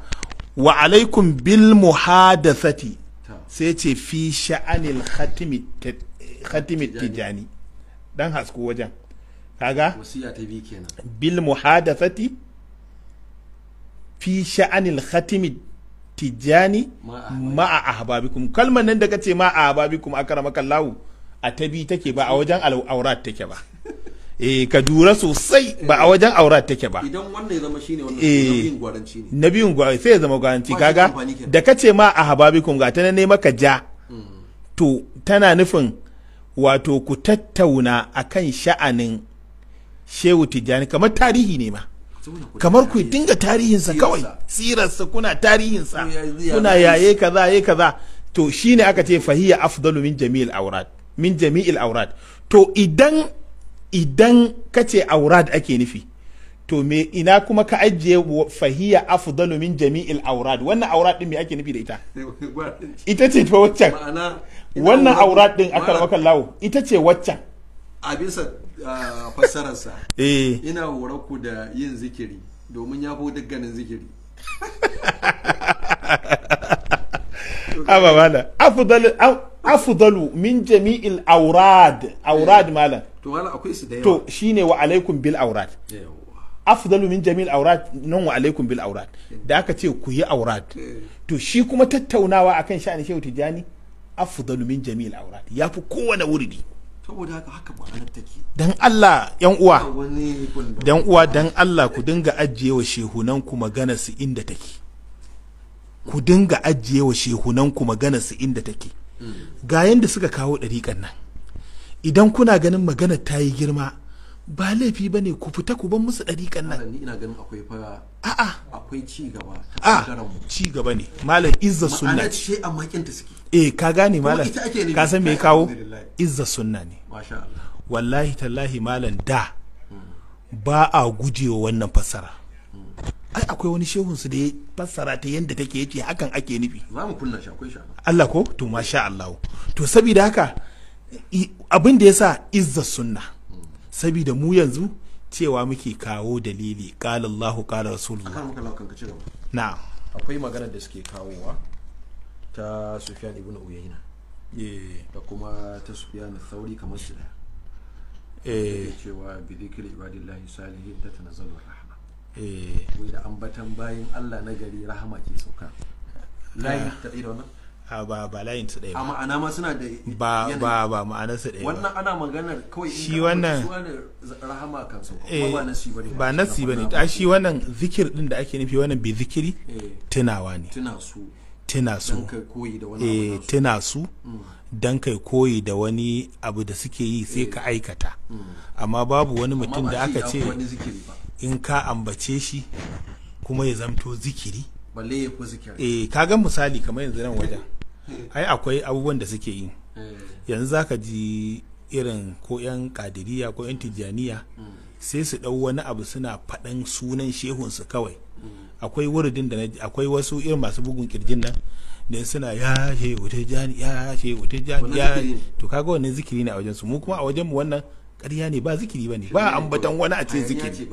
wa alaikum bil muhadathati sai ce fi sha'anil khatimi khatimi tijani dan hasku wajen kaga wasiya ta bi kenan bil muhadathati fi sha'anil khatimi tijani ma ahbabikum kalman nan da kace ma ahbabikum akramaka Allah a tabi take ba a wajen aurat take ba eh ka dura sosai ba a wajen aurat take ba idan wannan ya zama shine wannan nabiyin gwaranci ne eh, nabiyin gwaranci sai ya zama gwaranci kaga da kace ma ahbabikum ga ta ne maka ja hmm. to tana nufin wato ku tattauna akan sha'anin shehu tijjani kamar tarihi ne ma kamar ku dinga tarihinsa kawai tsirarsa kuna tarihinsa kuna yaye kaza yaye kaza to shine aka ce fahiya afdalu min jami'il aurat min jami'il aurat to idan idan kace aurat ake nufi to me ina kuma ka ajiye fahiya afdalu min jami'il aurat wannan aurat din me ake nufi da ita ita ce ta wacce. wannan aurat din aka raba lawo ita ce waccan a bisa ah, fassararsa eh. ina waraku da yin zikiri domin ya fi ganin zikiri Aba malam afudalu min jami'il aurad aurad eh. malam to wala akwai su da yawa to shine wa alaikum bil aurad afdalu min jami'il aurad nan wa alaikum bil aurad eh. da aka ce ku yi aurad to shi kuma tattaunawa akan sha'ani shehu tijani afdalu min jami'il aurat yafi kowane wurdi saboda haka haka ma'anar take dan Allah yan uwa dan uwa dan Allah ku dinga ajiye wa shehunan ku magana su inda take ku dinga ajiye wa shehunan ku magana su inda take ga yanda suka kawo dariƙan nan idan kuna ganin magana ta yi girma ba laifi ba ne ku fita ku ban musu dariƙan nan ina ganin akwai fa a'a akwai ci gaba a ci gaba ne malam izza sunna ce amma kinta suke eh ka gane malam ka san me kawo izza sunna ne wallahi tallahi malam da hmm. ba a gujewa wannan fassara ai akwai wani shehun su da ya fassara ta yadda take yace hakan ake nufi za mu kunna shi akwai shi Allah ko to masha Allah to saboda haka abin da yasa izza sunna saboda mu yanzu cewa muke kawo dalili qala Allahu qala rasulullah na'am akwai magana da suke kawowa ta sufiyan ibn uyayna eh, da kuma ta sufiyan thauri kamar su daya eh cewa bi dhikri ibadillahi salihin ta tanazzalu rahma eh wai da ambatan bayin Allah na gari rahama ke sauka layin ah. ta dai wannan a ah, ba ba layin ta ɗaya ba ana ma suna da ba ba ba ma'ana su ɗaya wannan ana maganar kawai shi wannan rahama kan sauka eh, ba nasi bane ba nasi bane a ah, shi wannan zikir din da ake nufi wannan bi zikiri eh. tunawa ne tuna su tina su e su mm. don kai koyi da wani abu da suke yi sai eh. ka aikata mm. amma babu wani mutum da aka ce in ka ambace shi kuma ya zamto zikiri e eh, kaga misali kamar yanzu nan wajen ai akwai abubuwan da suke yi yanzu zaka ji irin ko 'yan kadiriya ko 'yan tijjaniya mm. sai su ɗau wani abu suna faɗan sunan shehunsu kawai akwai wuridin da akwai wasu irin masu bugun kirjin nan da suna ya ce wuce jani ya ce wuta jani ya to kaga wannan zikiri ne a wajen su mu kuma a wajen mu wannan ƙarya ne ba zikiri bane ba ambatan wani a ce zikiri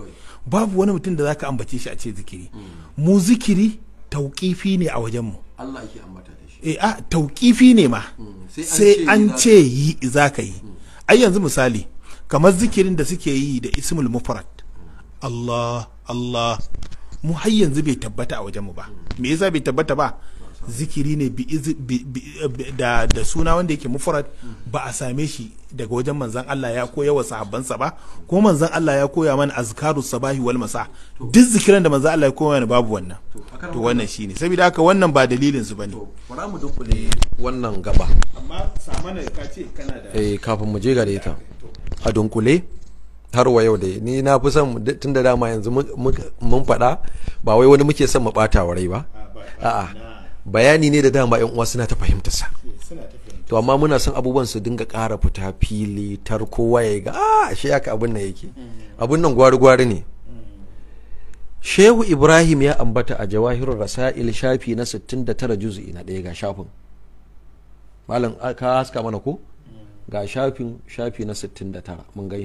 babu wani mutum da zaka ambace shi a ce zikiri hmm. mu zikiri tauƙifi ne a wajen mu Allah yake ambata da shi eh a tauƙifi ne ma hmm. sai an ce yi zaka yi hmm. ai yanzu misali kamar zikirin da suke yi da ismul mufrad Allah Allah mu har yanzu bai tabbata a wajenmu ba me yasa bai tabbata ba zikiri ne da, da suna wanda yake mufarad ba a same shi daga wajen manzan Allah ya koya wa sahabbansa ba ko manzan Allah ya koya mana azkaru sabahi wal masa duk zikiran da manzan Allah ya koya mana babu wannan to wannan shine saboda haka wannan ba dalilin su bane bara mu dunkule wannan gaba amma samana ka ce kana da eh kafin mu je gare ta a dunkule har wa yau da ni na fi son tun da dama yanzu mun faɗa ba wai wani muke son mu wa rai ba a'a bayani ne da dama yan uwa suna ta fahimta eh, sa to amma muna son abubuwan su dinga ƙara fita fili tarko waye ga a ah, shi haka abin nan yake mm. abin nan gwari gwari ne mm. Shehu Ibrahim ya ambata a Jawahirul Rasail shafi na 69 juz'i na ɗaya ga shafin malam ka haska mana ko mm. ga shafin shafi na 69 mun gan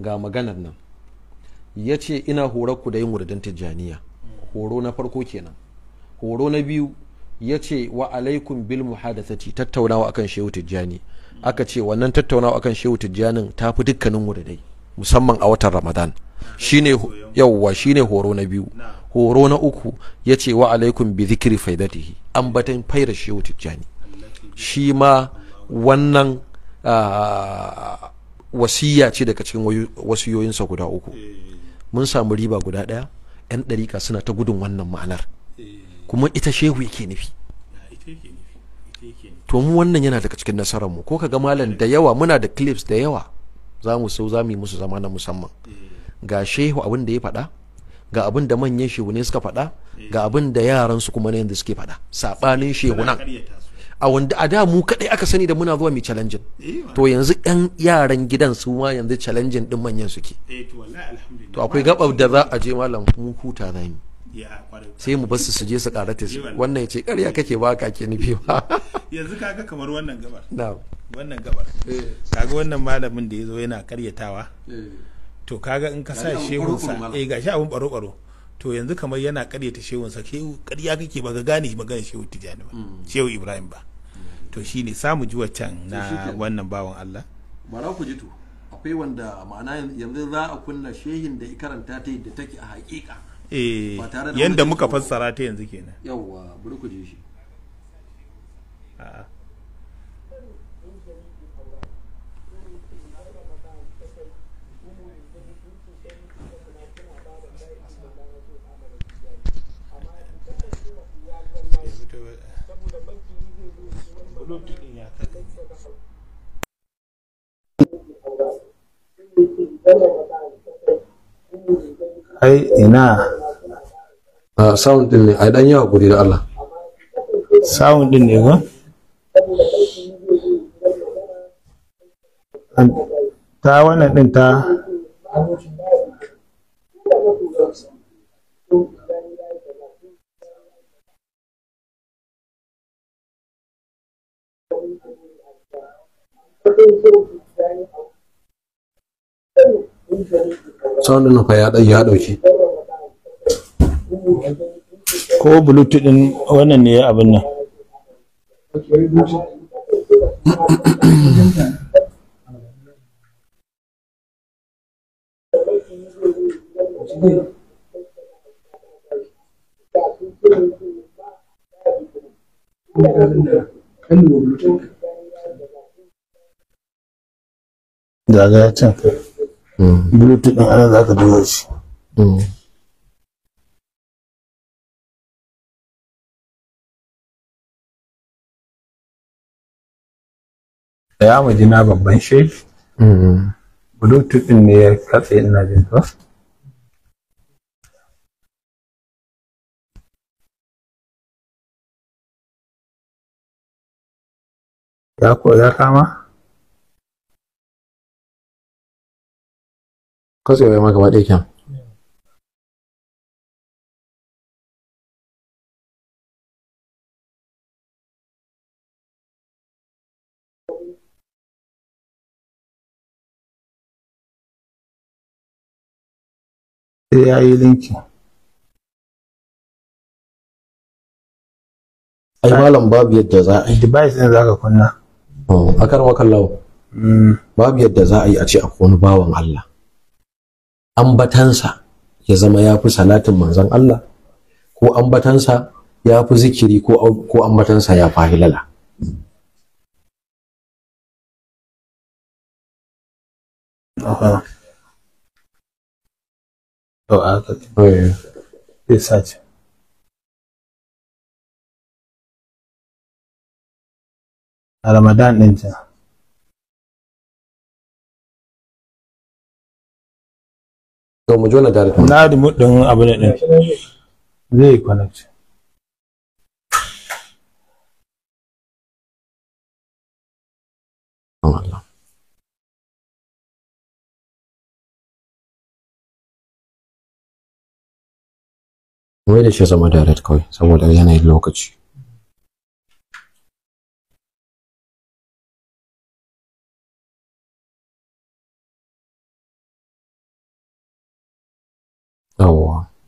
ga maganar nan ya ce ina horar ku da yin wurdin tijjaniya horo na farko kenan horo na biyu ya ce wa alaikum bil muhadathati tattaunawa akan shehu tijjani aka ce wannan tattaunawa akan shehu tijjanin ta fi dukkanin wurdai musamman a watan ramadan shine yawwa shine horo na biyu horo na uku ya ce wa alaikum bi zikiri faidatihi ambatan faira shehu tijjani shi ma wannan ah, wasiya ce daga cikin wasiyoyinsa guda uku eh. mun samu riba guda ɗaya yan ɗarika suna ta gudun wannan ma'anar eh. kuma ita shehu yake nufi to mu wannan yana daga cikin nasarar mu ko ga malam da yawa muna da clips da yawa za mu so za mu yi musu zama na musamman eh. ga shehu abin da ya faɗa ga abin da manyan shehu ne suka faɗa ga abin da yaran su kuma na yanda suke faɗa saɓanin shehu nan a wanda a da mu kadai aka sani da muna zuwa mai challenge. Eh, to yanzu ɗan yaran gidan su ma yanzu challenge din manyan suke eh, to akwai gabar da za a je malam mu huta za mu sai mu basu su je su ƙara su eh, wannan ya ce karya kake ba ka ke nufi ba yanzu kaga kamar wannan gabar Na wannan gabar kaga wannan malamin da ya zo yana karyatawa to kaga in ka sa sa eh gashi abun baro baro to yanzu kamar yana karyata shehunsa shehu karya kake ba ga gane magana shehu tijani ba mm. shehu ibrahim ba to shine samu ji waccan na wannan bawan Allah bara ku ji to akwai wanda ma'ana yanzu za a kunna shehin da karanta ta yadda take a haƙiƙa. eh yanda muka fassara ta yanzu kenan yawa bari ku ji shi a'a ai ina a ah, sound din ne ai dan yawa guri da Allah sound din ne ba ta wannan din ta sound din fa ya ya dauki ko bluetooth din wannan ne abin nan Thank you. daga can hmm. bluetooth ɗin ana za ka duba shi hmm. ya mu na babban shi hmm. bluetooth ɗin ne ya katse ina jin to ya kama katsewa ma gaba ɗaya kyan sai ya yi linki ai malam babu yadda za a yi device ɗin za ka kunna oh, a karwa kallawo mm. babu yadda za a yi a ce a wani bawan Allah ambatansa ya zama ya fi salatin manzan Allah ko ambatansa ya fi zikiri ko ambatansa ya fi eh. Ramadan ɗin to mu jona direct na remote din abu ne din zai connect Wai da shi zama direct kawai saboda yanayin lokaci.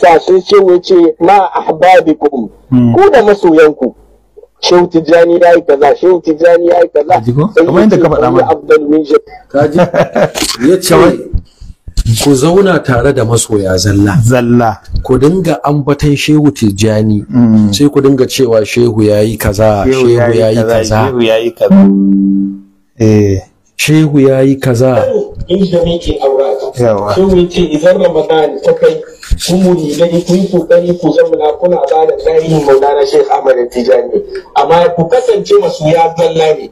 sa sun ce wuce ma ahbabikum hmm. ku da masoyanku shehu tijjani ya yi kaza shehu tijjani ya yi kaza kamar yadda ka faɗa mana abdul minjir kaji ya ce ku zauna tare da masoya zalla zalla ku dinga ambatan shehu tijjani hmm. sai ku dinga cewa shehu ya yi kaza shehu ya yi kaza shehu ya yi kaza eh, eh. shehu ya yi kaza inda nake aura sai mu ce idan ramadan ta kai ku muridai ku yi kokari ku zamana kuna ba da tarihin maulana shek ahmad tijani amma ku kasance masu ya zalla ne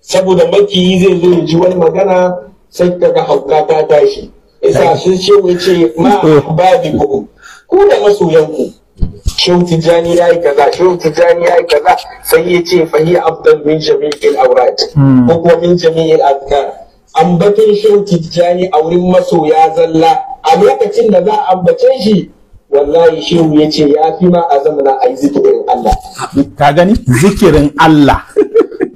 saboda makiyi zai zo ya ji wani magana sai daga hauka ta tashi isa sun ce mu ce ma babi ku ku da masoyanku shehu tijjani ya yi kaza shehu tijjani ya yi kaza sai ya ce fahiya abdul min jami'il aurat hmm. ko kuma min jami'il azkar ambatin shehu tijjani a wurin masoya zalla a lokacin da za a ambace shi wallahi shehu ya ce ya fi ma a a yi zikirin Allah. Ka gani? Zikirin Allah.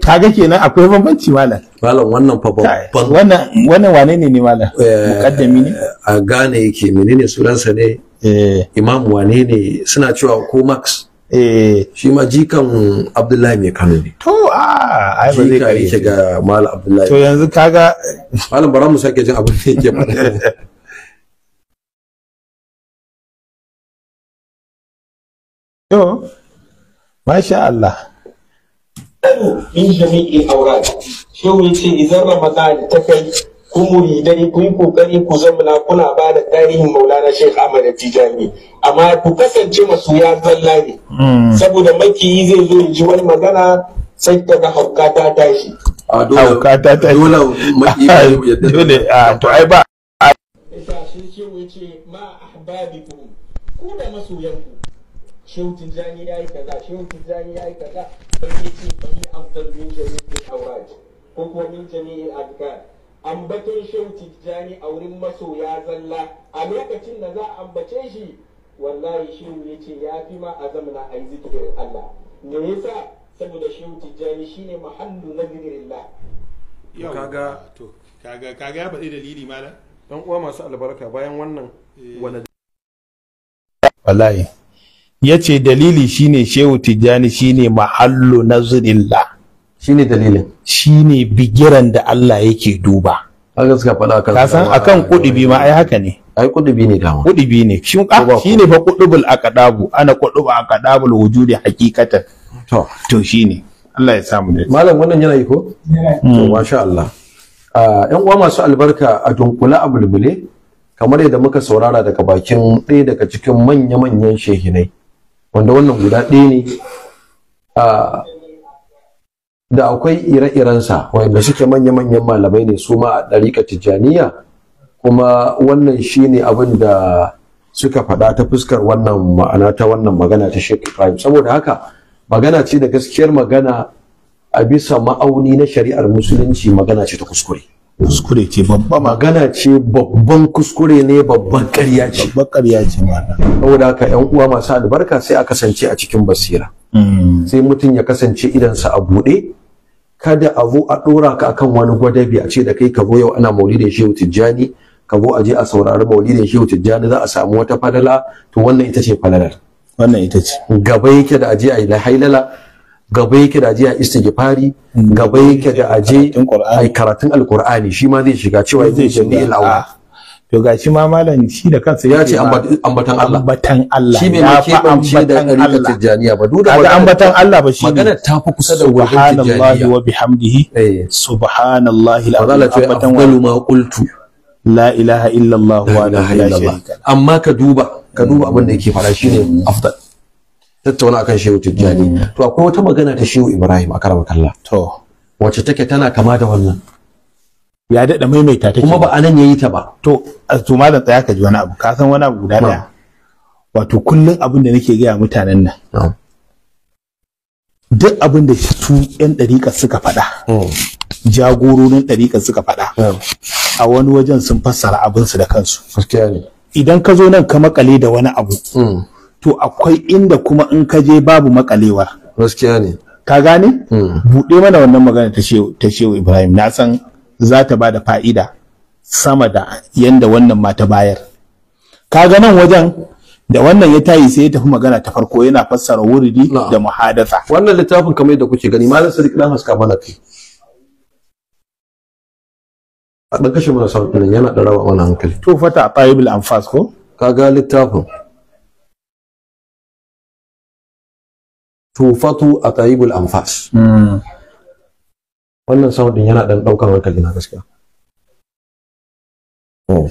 kaga kenan akwai bambanci malam malam wannan fa babban wannan wannan wane ne ne malam eh, mukaddami ne a gane yake menene sunansa ne eh. imam wane ne suna cewa ko max eh shi ma jikan abdullahi mai kano ne to a ai ba zai kare ga malam abdullahi to yanzu kaga eh. malam bara mu sake jin abin da yake faɗa to masha Allah min jami'i aurat shi wuce idan ramadan ta kai yi muridai ku yi kokari ku zamana kuna ba da tarihin maulana sheikh ahmad tijani amma ku kasance masu ya zalla ne hmm. saboda makiyi zai zo in ji wani magana sai ta ga hauka ta tashi a dole hauka ta tashi dole dole a ah, to ai ba shi shi ce ma ahbabi ku da masoyanku shehu tijani ya yi kaza shehu tijani ya yi kaza ke ce ni amfani da yin auraji ko kuma min jami'in adkar ambaton shehu tijjani a wurin masoya zalla a lokacin da za a ambace shi wallahi shehu ya ce ya fi ma a zamana a yi zikirin Allah me yasa saboda shehu tijjani shine mahallu nazirillah kaga to kaga kaga ya faɗi dalili malam dan uwa masu albarka bayan wannan eh. wala wallahi yace dalili shine shehu tijjani shine mahallu nazrillah shine dalilin shine bigiran da Allah yake duba haka suka faɗa kan ka san akan kudubi ma ai haka ne ai kudubi ne dama kudubi ne shi ah, shine fa kudubul aqdabu ana kudubu aqdabul wujudi haqiqatan to to shine Allah ya samu dai. malam wannan yana yi ko to masha Allah Ƴan ah, uwa masu albarka a dunkula a bulbule kamar yadda muka saurara daga bakin ɗaya daga cikin manya-manyan shehinai wanda wannan guda ɗaya ne ah, da akwai ire-irensa wanda suke manya-manyan malamai ne su ma a ɗariƙa tijjaniya kuma wannan shi ne abin da suka faɗa ta fuskar wannan ma'ana ta wannan magana ta shekaru Ibrahim saboda haka magana ce da gaskiyar magana a bisa ma'auni na shari'ar musulunci magana ce ta kuskure kuskure ce babba magana ce babban kuskure ne babban ƙarya ce babban ƙarya ce saboda haka ƴan uwa masu albarka sai a kasance a cikin basira mm. sai mutum ya kasance idansa a buɗe kada a zo a ɗora ka akan wani gwadabi a ce da kai ka zo yau ana maulidin shehu tijjani ka zo a je a saurari maulidin shehu tijjani za a samu wata falala to wannan ita ce falalar wannan ita ce gaba yake da aje a yi hailala gaba yake da aje a istighfari gaba yake da aje a karatun alqur'ani shi ma zai shiga cewa zai jami'il aula ah. to gashi ma malam shi da kansa ya ce ambatan Allah ambatan Allah shi ne mai keɓance da ɗariƙar tijjaniya ba duk da ambatan Allah ba shi ne magana ta fi kusa da wajen tijjaniya wa bihamdihi eh. subhanallahi al'azim ambatan wa ma qultu la ilaha illa Allah wa la ilaha amma ka duba ka duba abin da yake fara shine hmm. afdal tattauna akan shehu tijjani hmm. to akwai wata magana ta shehu Ibrahim a karamar kalla to wacce take tana kama da wannan ya daɗa maimaita ta kuma ba anan yayi ta ba to to malam tsaya ka ji wani abu ka san wani abu guda daya wato kullun abin da nake gaya mutanen nan duk abin da su yan ɗariƙa suka faɗa jagororin ɗariƙa suka faɗa a wani wajen sun fassara abin su da kansu idan ka zo nan ka makale da wani abu to akwai inda kuma in ka je babu makalewa gaskiya ne ka gane mm. buɗe mana wannan magana ta shehu ibrahim na san za ta ba da fa'ida sama da yanda wannan mata bayar kaga nan wajen da wannan ya tayi sai ya tafi magana ta farko yana fassara wuridi da muhadatha wannan littafin kamar yadda kuke gani malam sadiq dan haska mana kai a dan kashe mana sautin nan yana dan raba mana hankali to fata tayyibul anfas ko kaga littafin tufatu a tayyibul anfas hmm. wannan sound yana dan daukan hankali na gaskiya hmm.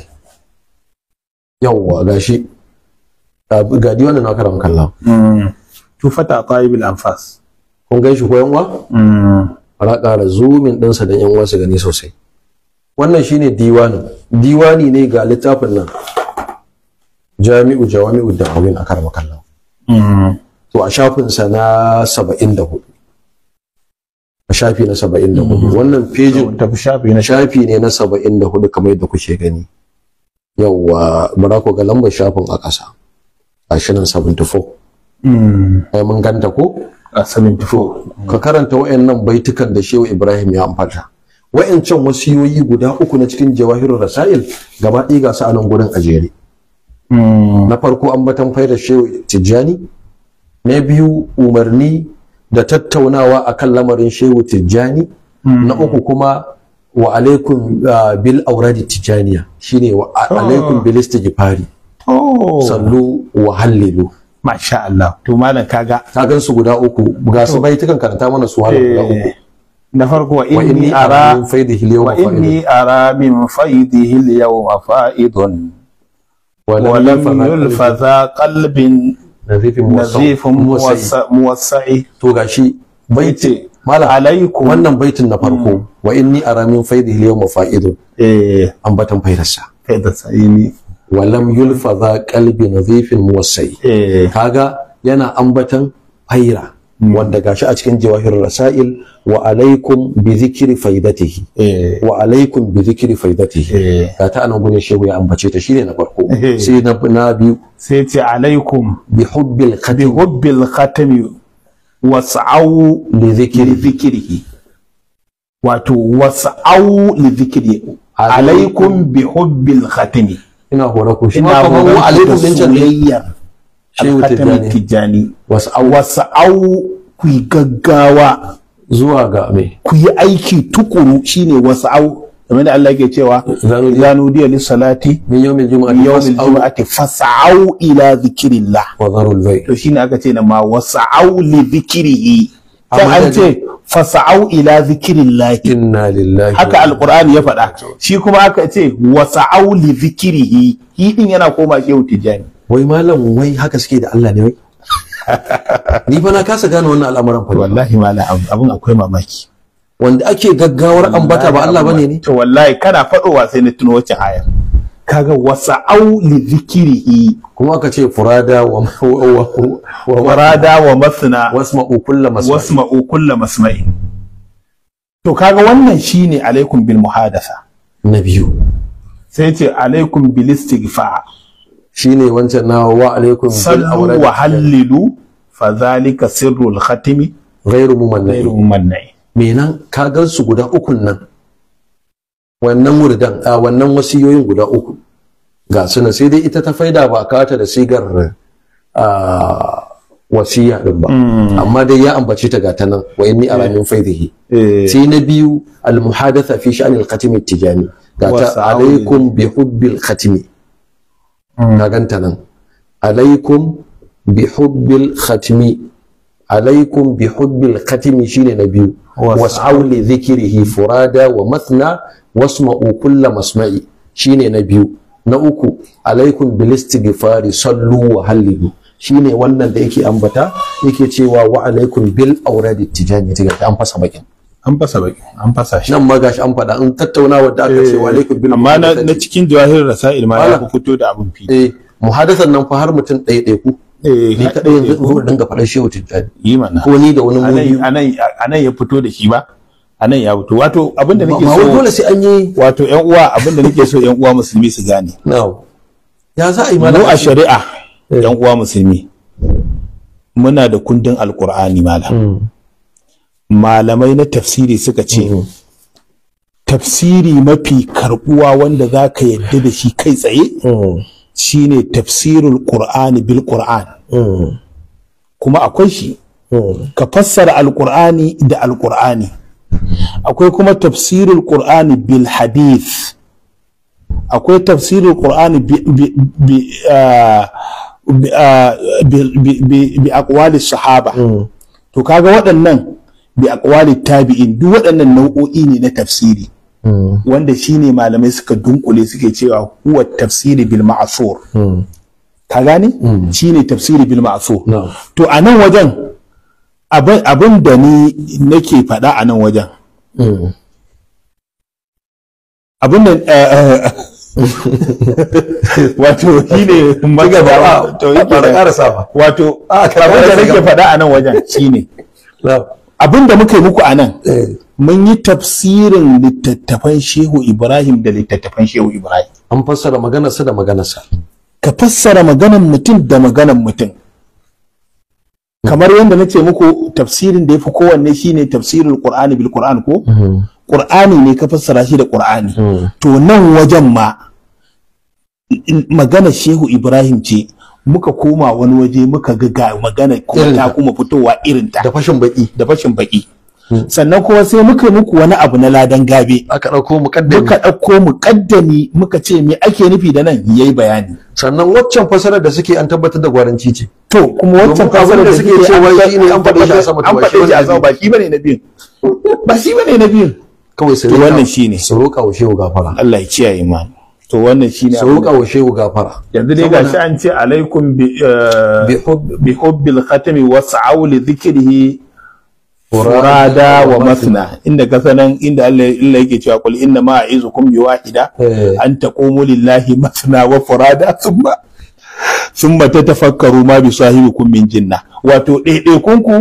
yawwa gashi ga di wannan na karam kallon hmm. tufata qaibul anfas kun gan shi ko yan hmm. ara ƙara zoomin ɗinsa don yan uwa su gani sosai wannan shine diwani diwani ne ga littafin nan jami'u jawami'u da'awin a karama kallon to a sa na saba'in da shafi na saba'in da hudu. Mm. Wannan fejin shafi ne na hudu kamar yadda kuke gani Yau wa ku ga lambar shafin a ƙasa A shirin 74 ai mun ganta ko a 74 mm. ka karanta wayannan baitukan da Shehu Ibrahim ya amfata wasu wasiyoyi guda uku na cikin jawahirun rasail gaba ɗaya ga su a nan gurin a jere mm. na farko an batan da Shehu Tijjani na biyu umarni da tattaunawa akan lamarin shehu tijjani mm. na uku kuma wa alaikun uh, bil auradi tijjaniya shine wa bilis oh. bil istighfari oh. sallu wa hallilu masha Allah to malam kaga kagan su guda uku ga su bai tukan karanta mana su halin guda uku eh, na farko wa inni ara min faidihi al wa inni ara min faidihi yawma fa'idun nazifin muwasa'i to gashi baiti mala wannan baitin na farko mm. wa inni aramin min faidihi yawma fa'idu eh. ambatan faidarsa faidarsa yini eh, wa yulfa za kalbi nazifin muwasa'i eh. kaga yana ambatan faira wanda gashi a cikin jawahir rasail wa alaikum bi zikri faidatihi eh. wa alaikum bi zikri faidatihi eh. ga ta anan gurin shehu ya ambace ta shine na farko eh. sai na na bi sai ce alaikum bi hubbil khatami bi hubbil khatami was'au li zikri zikrihi wato was'au li zikri alaikum bi hubbil khatami ina hora ku shi ma kuma alaikum din can alhatamin tijjani wasu au ku yi gaggawa zuwa ga me ku yi aiki tukuru shine wasu au game da Allah ke cewa zanu diya li salati min yawmil jumu'ati yawmil jumu'ati fas'au ila dhikrillah wa dharul bay to shine aka ce na ma was'au li dhikrihi kan an ce fas'au ila dhikrillah inna lillahi haka alqur'ani ya faɗa shi kuma aka ce was'au li dhikrihi hi din yana koma shehu tijani wai malam wai haka suke da Allah ne wai ni fa na kasa gano wannan al'amuran fa wallahi malam abun akwai mamaki wanda ake gaggawar ambata ba Allah bane ne to wallahi kana fadowa sai na tuno wace haya kaga au li zikrihi kuma aka ce furada wa wa furada wa masna wasma'u kullu masma'i wasma'u kullu masma'i to kaga wannan shine alaikum bil muhadasa na biyu sai ce alaikum bil istighfar shine wancan na wa alaikum sallu wa hallilu fa zalika sirrul khatimi ghairu mumannai menan ka gansu guda ukun nan wannan wurdan a wannan wasiyoyin guda uku ga suna sai dai ita ta faida ba ka ta da sigar a wasiya din ba hmm. amma dai ya ambace ta ga ta nan wa inni ala min faidihi eh. sai na biyu al muhadatha fi sha'anil khatimi tijani ta alaikum bi hubbil khatimi Mm. ka ganta nan alaikum bi hubbil khatmi alaikum bi hubbil khatmi shine na biyu was'au li dhikrihi furada wa mathna wasma'u kulla masma'i shine na biyu na uku alaikum bil istighfari sallu wa hallidu shine wannan da yake ambata yake cewa wa alaikum bil tijani tijani an fasa bakin an fasa baki an fasa shi nan ma gashi an faɗa in tattaunawa da aka ce eh, wa alaikum bil amma na cikin jawahir rasail ma ya fito da abin fi eh muhadasan nan fa har mutum ɗaya ku eh, ni kadai yanzu zo dinga faɗa shehu tijjani yi mana ko ni da wani mu anan anan ya fito da shi ba anan ya fito wato abin da nake so ma dole sai an yi wato ƴan uwa abin da nake so ƴan uwa musulmi su gane na'am ya za a yi mana mu a shari'a eh. ƴan uwa musulmi muna da kundin alqur'ani malam hmm. malamai na tafsiri suka ce mhm. tafsiri mafi karbuwa wanda za ka yadda da shi kai tsaye mhm. shine tafsirul ƙur'ani bil qur'an mhm. kuma akwai shi ka fassara alƙur'ani da alƙur'ani akwai kuma tafsirul ƙur'ani bil hadith akwai tafsirul ƙur'ani bi aqwali sahaba to kaga waɗannan bi aqwalit tabi'in duk waɗannan nau'o'i ne na tafsiri hmm. wanda shine malamai suka dunkule suke cewa huwa tafsiri bil ma'sur hmm. ka gane hmm. shine tafsiri bil ma'sur to a nan wajen abin da ni nake faɗa a nan wajen abin da eh, eh, eh, wato shi ne magaba to yi ƙarasa wato ah, abin da nake faɗa a nan wajen shi ne abin da muka yi muku a nan eh. mun yi tafsirin littattafan shehu ibrahim da littattafan shehu ibrahim an fassara maganarsa da maganarsa ka fassara maganar mutum da maganar mutum kamar yadda na ce muku tafsirin da ya fi kowanne shine tafsirin qur'ani bil qur'an ko mm-hmm. qur'ani ne ka fassara shi da qur'ani mm. to nan wajen ma maganar shehu ibrahim ce muka koma wani waje muka ga magana kuma ta kuma fitowa irin ta da fashin baki da fashin baki hmm. sannan kuma sai muka muku wani abu na ladan gabe aka dauko muqaddami muka dauko muqaddami muka ce me ake nufi da nan yayi bayani sannan waccan fasarar da suke an tabbatar da gwaranci ce to kuma waccan fasarar da suke cewa shi ne an faɗe shi a sama an faɗe shi a sama ba shi bane na biyun ba shi bane na biyun kawai sai wannan shine suruka wa shehu gafara Allah ya kiyaye mu to wannan shine ka washe ku gafara yanzu dai gashi an ce alaikum bi eh, hubbil khatami was'au li dhikrihi furada wa masna inda kasanan inda Allah yake cewa kul inna ma a'izukum bi wahida eh. an taqumu lillahi masna wa furada thumma thumma tatafakkaru ta fakkaru ma bi sahibikum min jinna wato ɗaiɗaikunku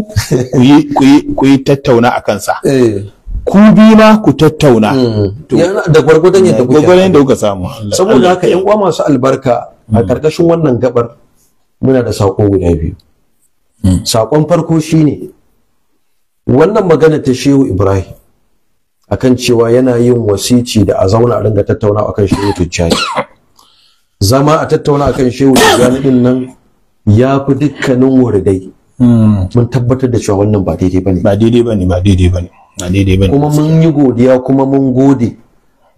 ku yi tattauna a kansa eh. ku bi ma ku tattauna hmm. da gwargwadon yadda kuka gwargwadon yadda kuka samu saboda haka yan uwa masu albarka a karkashin hmm. wannan gabar muna da sako guda biyu hmm. sakon farko shine wannan magana ta Shehu Ibrahim akan cewa yana yin wasici da a zauna a ringa tattauna akan Shehu Tijjani zama a tattauna akan Shehu Tijjani din nan ya fi dukkanin wuridai mun tabbatar da cewa wannan ba daidai bane ba daidai bane ba daidai bane kuma mun yi godiya kuma mun gode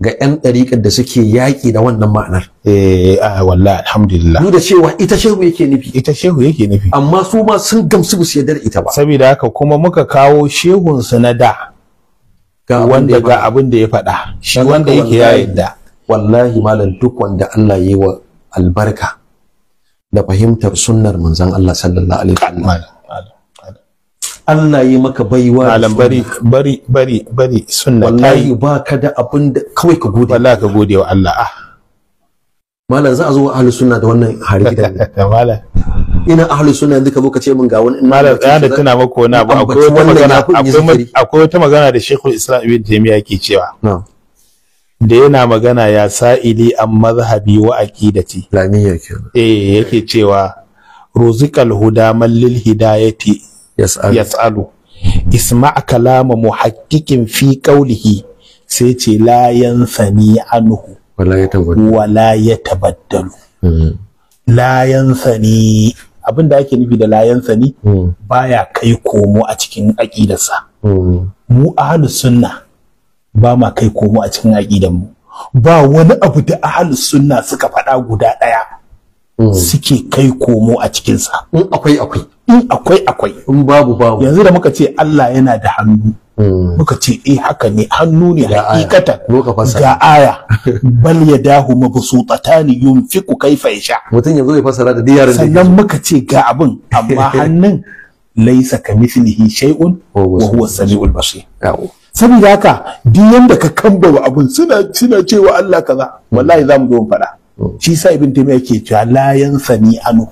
ga 'yan ɗariƙar da suke yaƙi da wannan ma'anar. Eh, ah, wallahi alhamdulillah. Duk da cewa ita shehu yake nufi. Ita shehu yake nufi. Amma su ma sun gamsu ba su yarda ita ba. Saboda haka kuma muka kawo shehunsu na da. Ga wanda ga abin da ya faɗa. Shi wanda yake ya da. Wallahi malam duk wanda Allah ya yi wa albarka da fahimtar sunnar manzon Allah sallallahu alaihi wasallam. Allah yi maka baiwa malam bari bari bari bari sunna wallahi baka da abin da kawai ka gode wallahi ka gode wa Allah ah malam za a zo ahli sunna da wannan harigida ne malam ina ahli sunna yanzu ka zo ka ce min ga wani malam tsaya da tuna maka wani abu akwai wata magana da akwai wata magana da Sheikhul Islam Ibn Taymiyyah yake cewa da yana magana ya sa'ili an mazhabi wa aqidati lamiyya kenan eh yake cewa ruzikal huda man lil hidayati yas'alu isma kalama muhaqqiqin fi qawlihi sai ce la yansani anhu wala ya tabaddalu mm-hmm. la yansani abin da ake nufi da la yansani mm. baya kai komo a cikin aqidarsa mm. mu ahlus sunna ba ma kai komo a cikin aqidar mu ba wani abu da ahlus sunna suka faɗa guda ɗaya mm. suke kai komo a cikinsa in akwai akwai in akwai akwai in babu babu yanzu da muka ce Allah yana da hannu hmm. muka ce eh haka ne hannu ne hakikatan ga aya bal ya dahu mabsutatani yunfiqu kaifa yasha mutum yanzu zai fasara da diyarin sannan muka ce ga abin amma hannun laisa kamithlihi shay'un wa huwa samiul basir saboda haka duk yanda ka wa abun suna suna cewa Allah kaza hmm. wallahi zamu zo mu faɗa hmm. shi sa ibn taymiya yake cewa la yansani anhu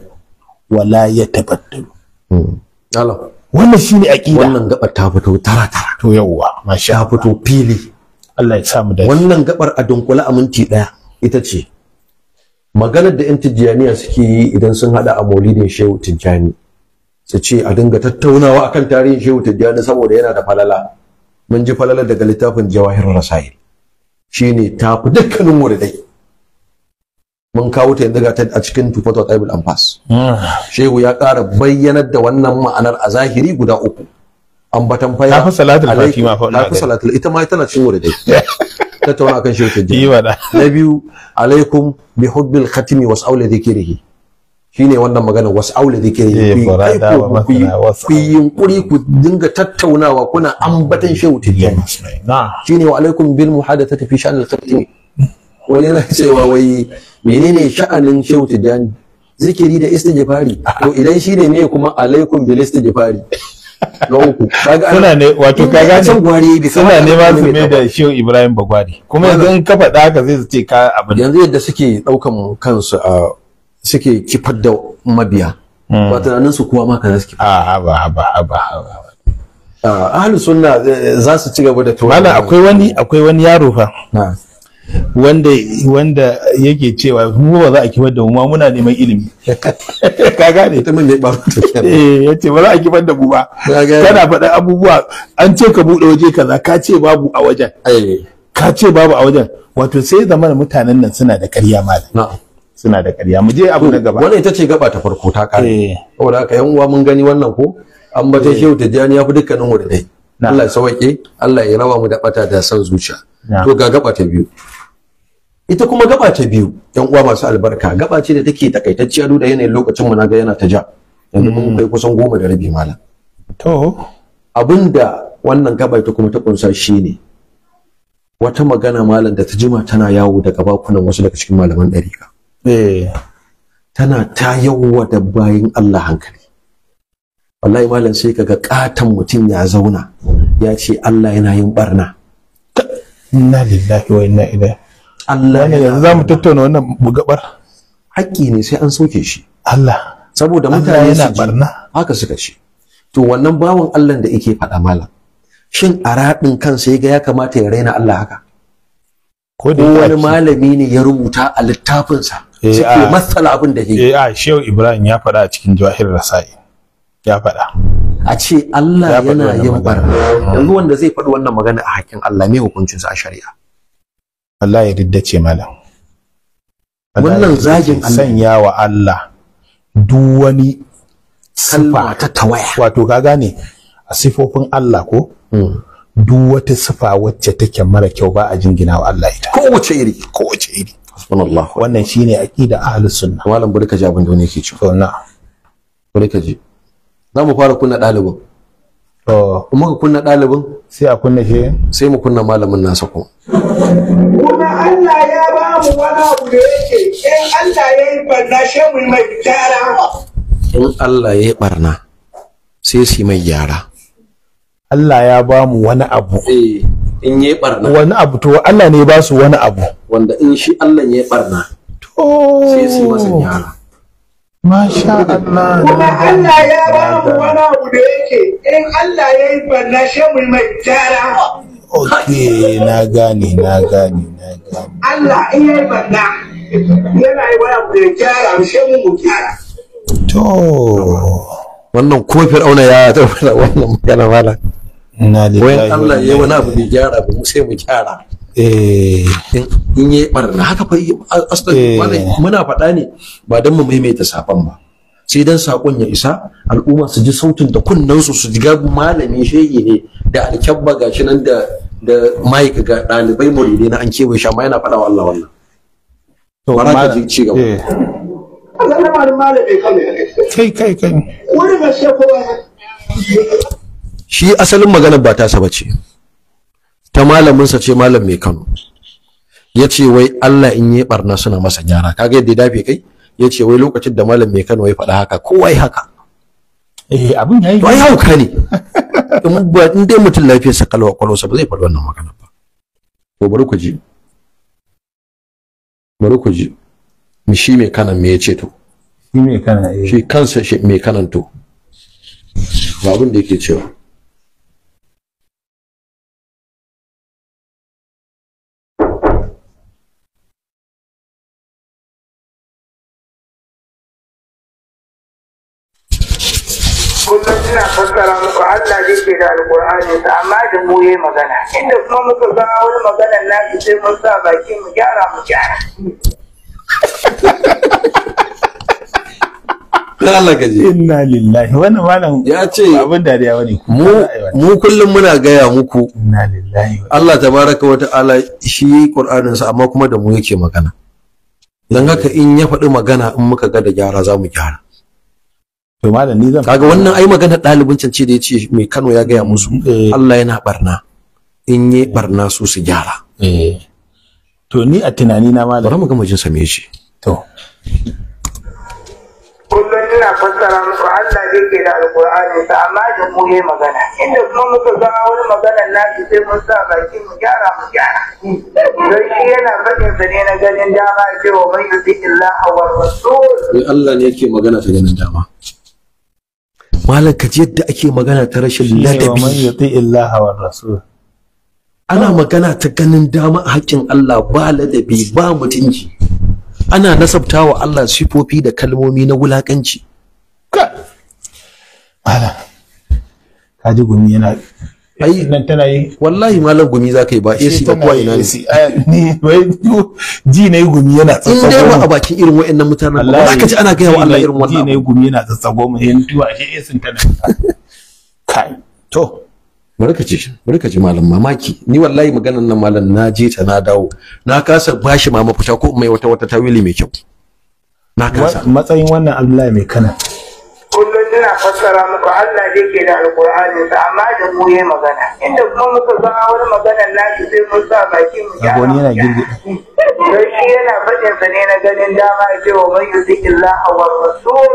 wala yatabaddalu wannan shi ne aqida wannan gaɓar ta fito tara tara to yawwa masha ta fito fili Allah ya samu da wannan gaɓar a dunkula a minti ɗaya ita ce maganar da yan tijjaniya suke yi idan sun haɗa a maulidin shehu tijjani su ce a dinga tattaunawa a kan tarihin shehu tijjani saboda yana da falala mun ji falala daga littafin jawahir rasail shine tafi dukkanin muridai mun kawo ta yanzu ga ta a cikin tufatul qaibul anfas shehu ya ƙara bayyanar da wannan ma'anar a zahiri guda uku ambatan faya tafi salatul fatima fa tafi salatul ita ma tana cin wurin dai tattauna akan shehu tajjid na biyu alaikum bi hubbil khatimi was aula dhikrihi shine wannan magana wasu aula da ke yi kuri ku dinga tattaunawa kuna ambatan shehu tijjani shine wa alaikum bil muhadatha fi sha'anil khatimi wani yana cewa wai menene sha'anin shehu tijjani zikiri da istijfari to idan shi ne kuma alaikum bil istijfari suna ne wato kaga ne suna ma su mai da shehu ibrahim bagwari kuma yanzu in ka faɗa haka zai ce ka abin yanzu yadda suke ɗaukan kansu a suke kifar da mabiya Wata hmm. tunanin su kuwa ma kaza suke a ba ba ba ahlus sunna eh, za su ci gaba da tuwa akwai wani akwai wani yaro fa wanda wanda yake cewa mu ba za a kifar da mu ma muna neman ilimi ka gane ta mun ne ba eh yace ba za a kifar da mu ba kana faɗa abubuwa an ce ka bude waje kaza ka ce babu a wajen eh. ka ce babu a wajen wato sai zama mutanen nan suna da ƙarya malam suna da ƙarya mu je abu na gaba wannan ita ce gaba ta farko ta kare eh. saboda haka yan uwa mun gani wannan ko an bace eh. shehu tijjani ya fi dukkanin wurin dai Allah ya sauke Allah ya rawa mu da bata da san zuciya to ga gaba ta biyu ita kuma gaba ta biyu yan uwa masu albarka gaba ce da take takaitacciya duk da yanayin lokacin mu na ga yana ta ja yanzu mun mm. kai kusan goma da rabi malam to abinda wannan gaba ta kuma ta kunsa ne, wata magana malam da ta jima tana yawo daga bakunan wasu daga cikin malaman dariƙa eh. tana ta yawa da bayin Allah hankali wallahi malam sai kaga katan mutum ya zauna ya ce Allah yana yin barna inna lillahi wa inna ilaihi Allah ya yanzu zamu tattauna wannan bugabar haƙƙi ne sai an soke shi Allah saboda mutane yana barna haka suka ce to wannan bawan Allah da yake faɗa malam shin a raɗin kansa ya ga ya kamata ya raina Allah haka ko wani malami ne ya rubuta a littafinsa eh, suke matsala abin da Eh a shehu ibrahim ya faɗa a cikin jawahir rasa'i ya faɗa a ce Allah yana yin barna hmm. yanzu wanda zai faɗi wannan magana a hakkin Allah me hukuncinsa a shari'a Allah ya riddace ce malam wannan zagin Allah sanya wa Allah duk wani sifa ta tawaya wato ka gane a sifofin Allah ko hmm. duk wata sifa wacce take mara kyau ba a jingina wa Allah ita Ko wace iri Ko wace iri subhanallah wannan shine aqida ahlus sunna malam bari ka ji abin da wani yake ko na burka ji za mu fara kunna ɗalibin to muka kunna ɗalibin sai a kunna shi sai mu kunna malamin nasa ko. kuma Allah ya ba mu wani abu da yake in Allah ya yi barna sai mu mai gyara in Allah ya yi barna sai su mai gyara Allah ya ba mu wani abu eh, in ya yi barna wani abu to Allah ne ya ba su wani abu wanda in shi Allah ya yi barna to sai su masa gyara Masha Allah. Kuma Allah ya ba mu wani abu da yake in Allah ya yi banna shi mai gyara. Ok, na gane, na gane, na gane. Allah in ya yi banna yana yi wani abu da ya gyara shi mu mu gyara. To. Wannan ko Fir'auna ya tabbata wannan magana mala. Wai Allah ya yi wani abu da ya gyara ba mu sai mu gyara. Eh, in yi barna haka fa eh. muna faɗa ne ba don mu maimaita safan ba sai dan saƙon ya isa al'umma su ji sautin da kunnansu su ji ga malami shege ne da alkyabba gashi nan da da ma'aika ga ɗalibai muridai na an kewaye shi amma yana faɗa wa Allah wannan to ka ji ci gaba eh. kai kai kai shi asalin magana ba ta saba ce ta malaminsa ce malam mai Kano ya ce wai Allah in yi barna suna masa gyara kaga yadda ya dafe kai ya ce wai lokacin da malam mai Kano ya faɗa haka Ko wai haka eh abin yayi to ai hauka ne in dai mutum sa kalwa kwalwarsa ba zai faɗi wannan magana ba to bari ku ji bari ku ji shi mai kanan me yace to shi mai kanan eh. shi kansa shi mai kanan to ga abin da yake cewa mu magana inda kuma muka zama wani magana na sai mun sa baki mu gyara mu gyara inna lillahi malam ya ce abin dariya mu kullum muna gaya muku allah ta baraka wa ta'ala shi ƙur'aninsa amma kuma da mu yake magana dan haka in ya faɗi magana in muka ga da gyara za mu gyara to malam ni zan kaga wannan ai magana ɗalibin cance da yace mai Kano ya gaya musu eh. Allah yana barna in yi barna su su gyara eh. to ni a tunani na malam bari mu ga mujin same shi to kullum ina fassara musu Allah ne ke da alƙur'ani ta amma da mu yayi magana inda kuma muka zama wani na shi sai mun sa baki mu gyara mu gyara don shi yana faɗin sa ne na ganin dama cewa man yuti illa wa rasul eh, Allah ne yake magana ta ganin dama malam kaji yadda ake magana ta rashin ladabi ana magana ta ganin dama a haƙƙin Allah ba ladabi ba mutunci ana nasabta wa Allah sifofi da kalmomi na wulaƙanci ka kaji gumi yana ai nan tana yi wallahi malam gumi zaka yi ba AC ba kuwa ina ne wai ji ne gumi yana tsatsago in dai a bakin irin wayannan mutanen ba zaka ji ana gaya wa Allah irin wannan ji ne gumi yana tsatsago mu in tuwa shi AC tana kai to bari ka ji bari ka ji malam mamaki ni wallahi maganar nan malam na je ta na dawo na kasa bashi ma mafita ko mai wata wata tawili mai kyau na kasa matsayin wannan Abdullahi mai kana fassara muku Allah dai ke da alƙur'ani sa amma da mu yayi magana inda kuma muka ga wani magana shi sai mun sa baki mu ya yana girgi dan shi yana fadin sa ne na ganin dama ya ce wa man illa wa rasul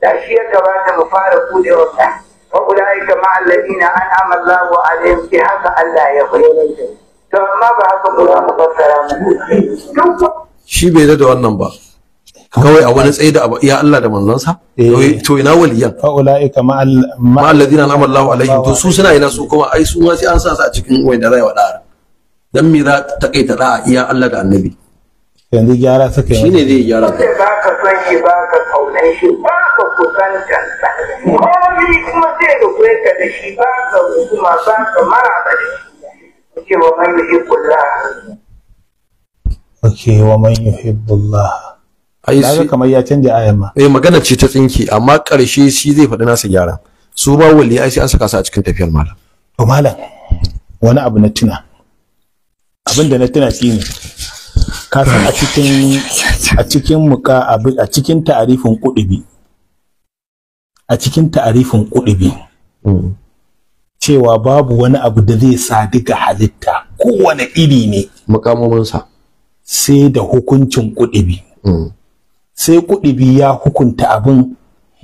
da shi ya gabata mu fara kude wata wa ulaika ma alladina an'ama Allahu alaihim bi haka Allah ya bayyana to amma ba haka mu za mu fassara mu shi bai da wannan ba kawai a wani tsaye da abu ya Allah da manzansa eh. to ina waliyan fa ulaika ma alladhina an'ama Allahu alaihim to su suna ina su kuma ai su ma sai an sa su a cikin wanda zai wada dan me za ta kai ta da iya Allah da annabi yanzu gyara suka yi shine zai gyara ba ka san shi ba ka kaunan shi ba ka kusantar sa komai kuma sai da kuwa ka da shi ba ka hukuma ba ka mara da shi wa man yuhibbullah Okay, wa man yuhibbullah ai shi kamar ya canje ayan ma eh magana ce ta tsinki amma karshe shi zai faɗi nasa gyara su ba wali ai sai an saka su a cikin tafiyar malam to malam wani abu na tuna abin da na tuna shine ka san a cikin a cikin muka a cikin ta'arifin kudubi a cikin ta'arifin kudubi mm. cewa babu wani abu da zai sadu ga halitta kowane iri ne sa. sai da hukuncin kudubi mm. sai kuɗibi ya hukunta abin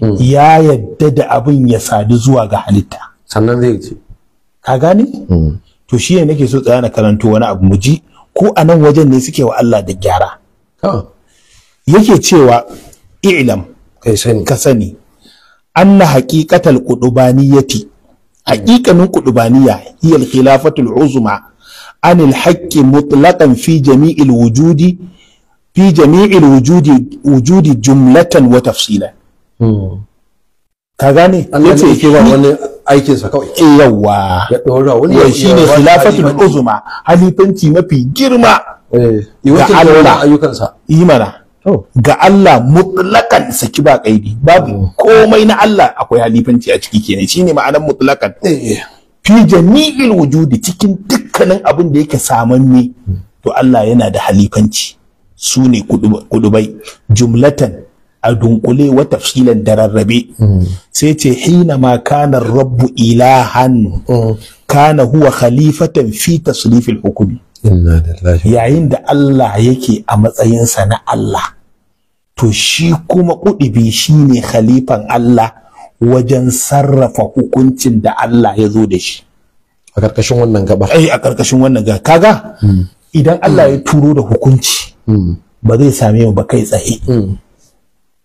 hmm. ya yadda da abin ya sadu zuwa ga halitta sannan zai ce ka gane hmm. to shi ne nake so tsaya na karanto wani abu muji ko a nan wajen ne suke wa Allah da gyara yake cewa i'lam ka sani anna haqiqatal qudubaniyati haqiqanin qudubaniya hiya al khilafatul uzma anil haqqi mutlaqan fi jami'il wujudi fi jami'il jumlatan wa tafsila ka ne yake ba wani aikin sa kawai eh yawa girma eh, imana ga Allah mutlakan saki ba kaidi babu mm. komai na Allah akwai halifanci a ciki kenan shine ma'anar mutlakan eh. fi jami'il wujudi cikin dukkanin abin da yake samanne mm. to Allah yana da halifanci su ne kudubai jumlatan a dunkule wa tafsilan da rarrabe mm. sai ce hina ma kana rabbu ilahan mm. kana huwa khalifatan fi tasrifil hukumi yayin da Allah yake a matsayinsa na Allah to shi kuma kudubi shine khalifan Allah wajen sarrafa hukuncin da Allah ya zo da shi a ƙarƙashin wannan gaba. Eh, a ƙarƙashin wannan gaba kaga mm. idan Allah ya turo da hukunci ba zai same mu ba kai tsaye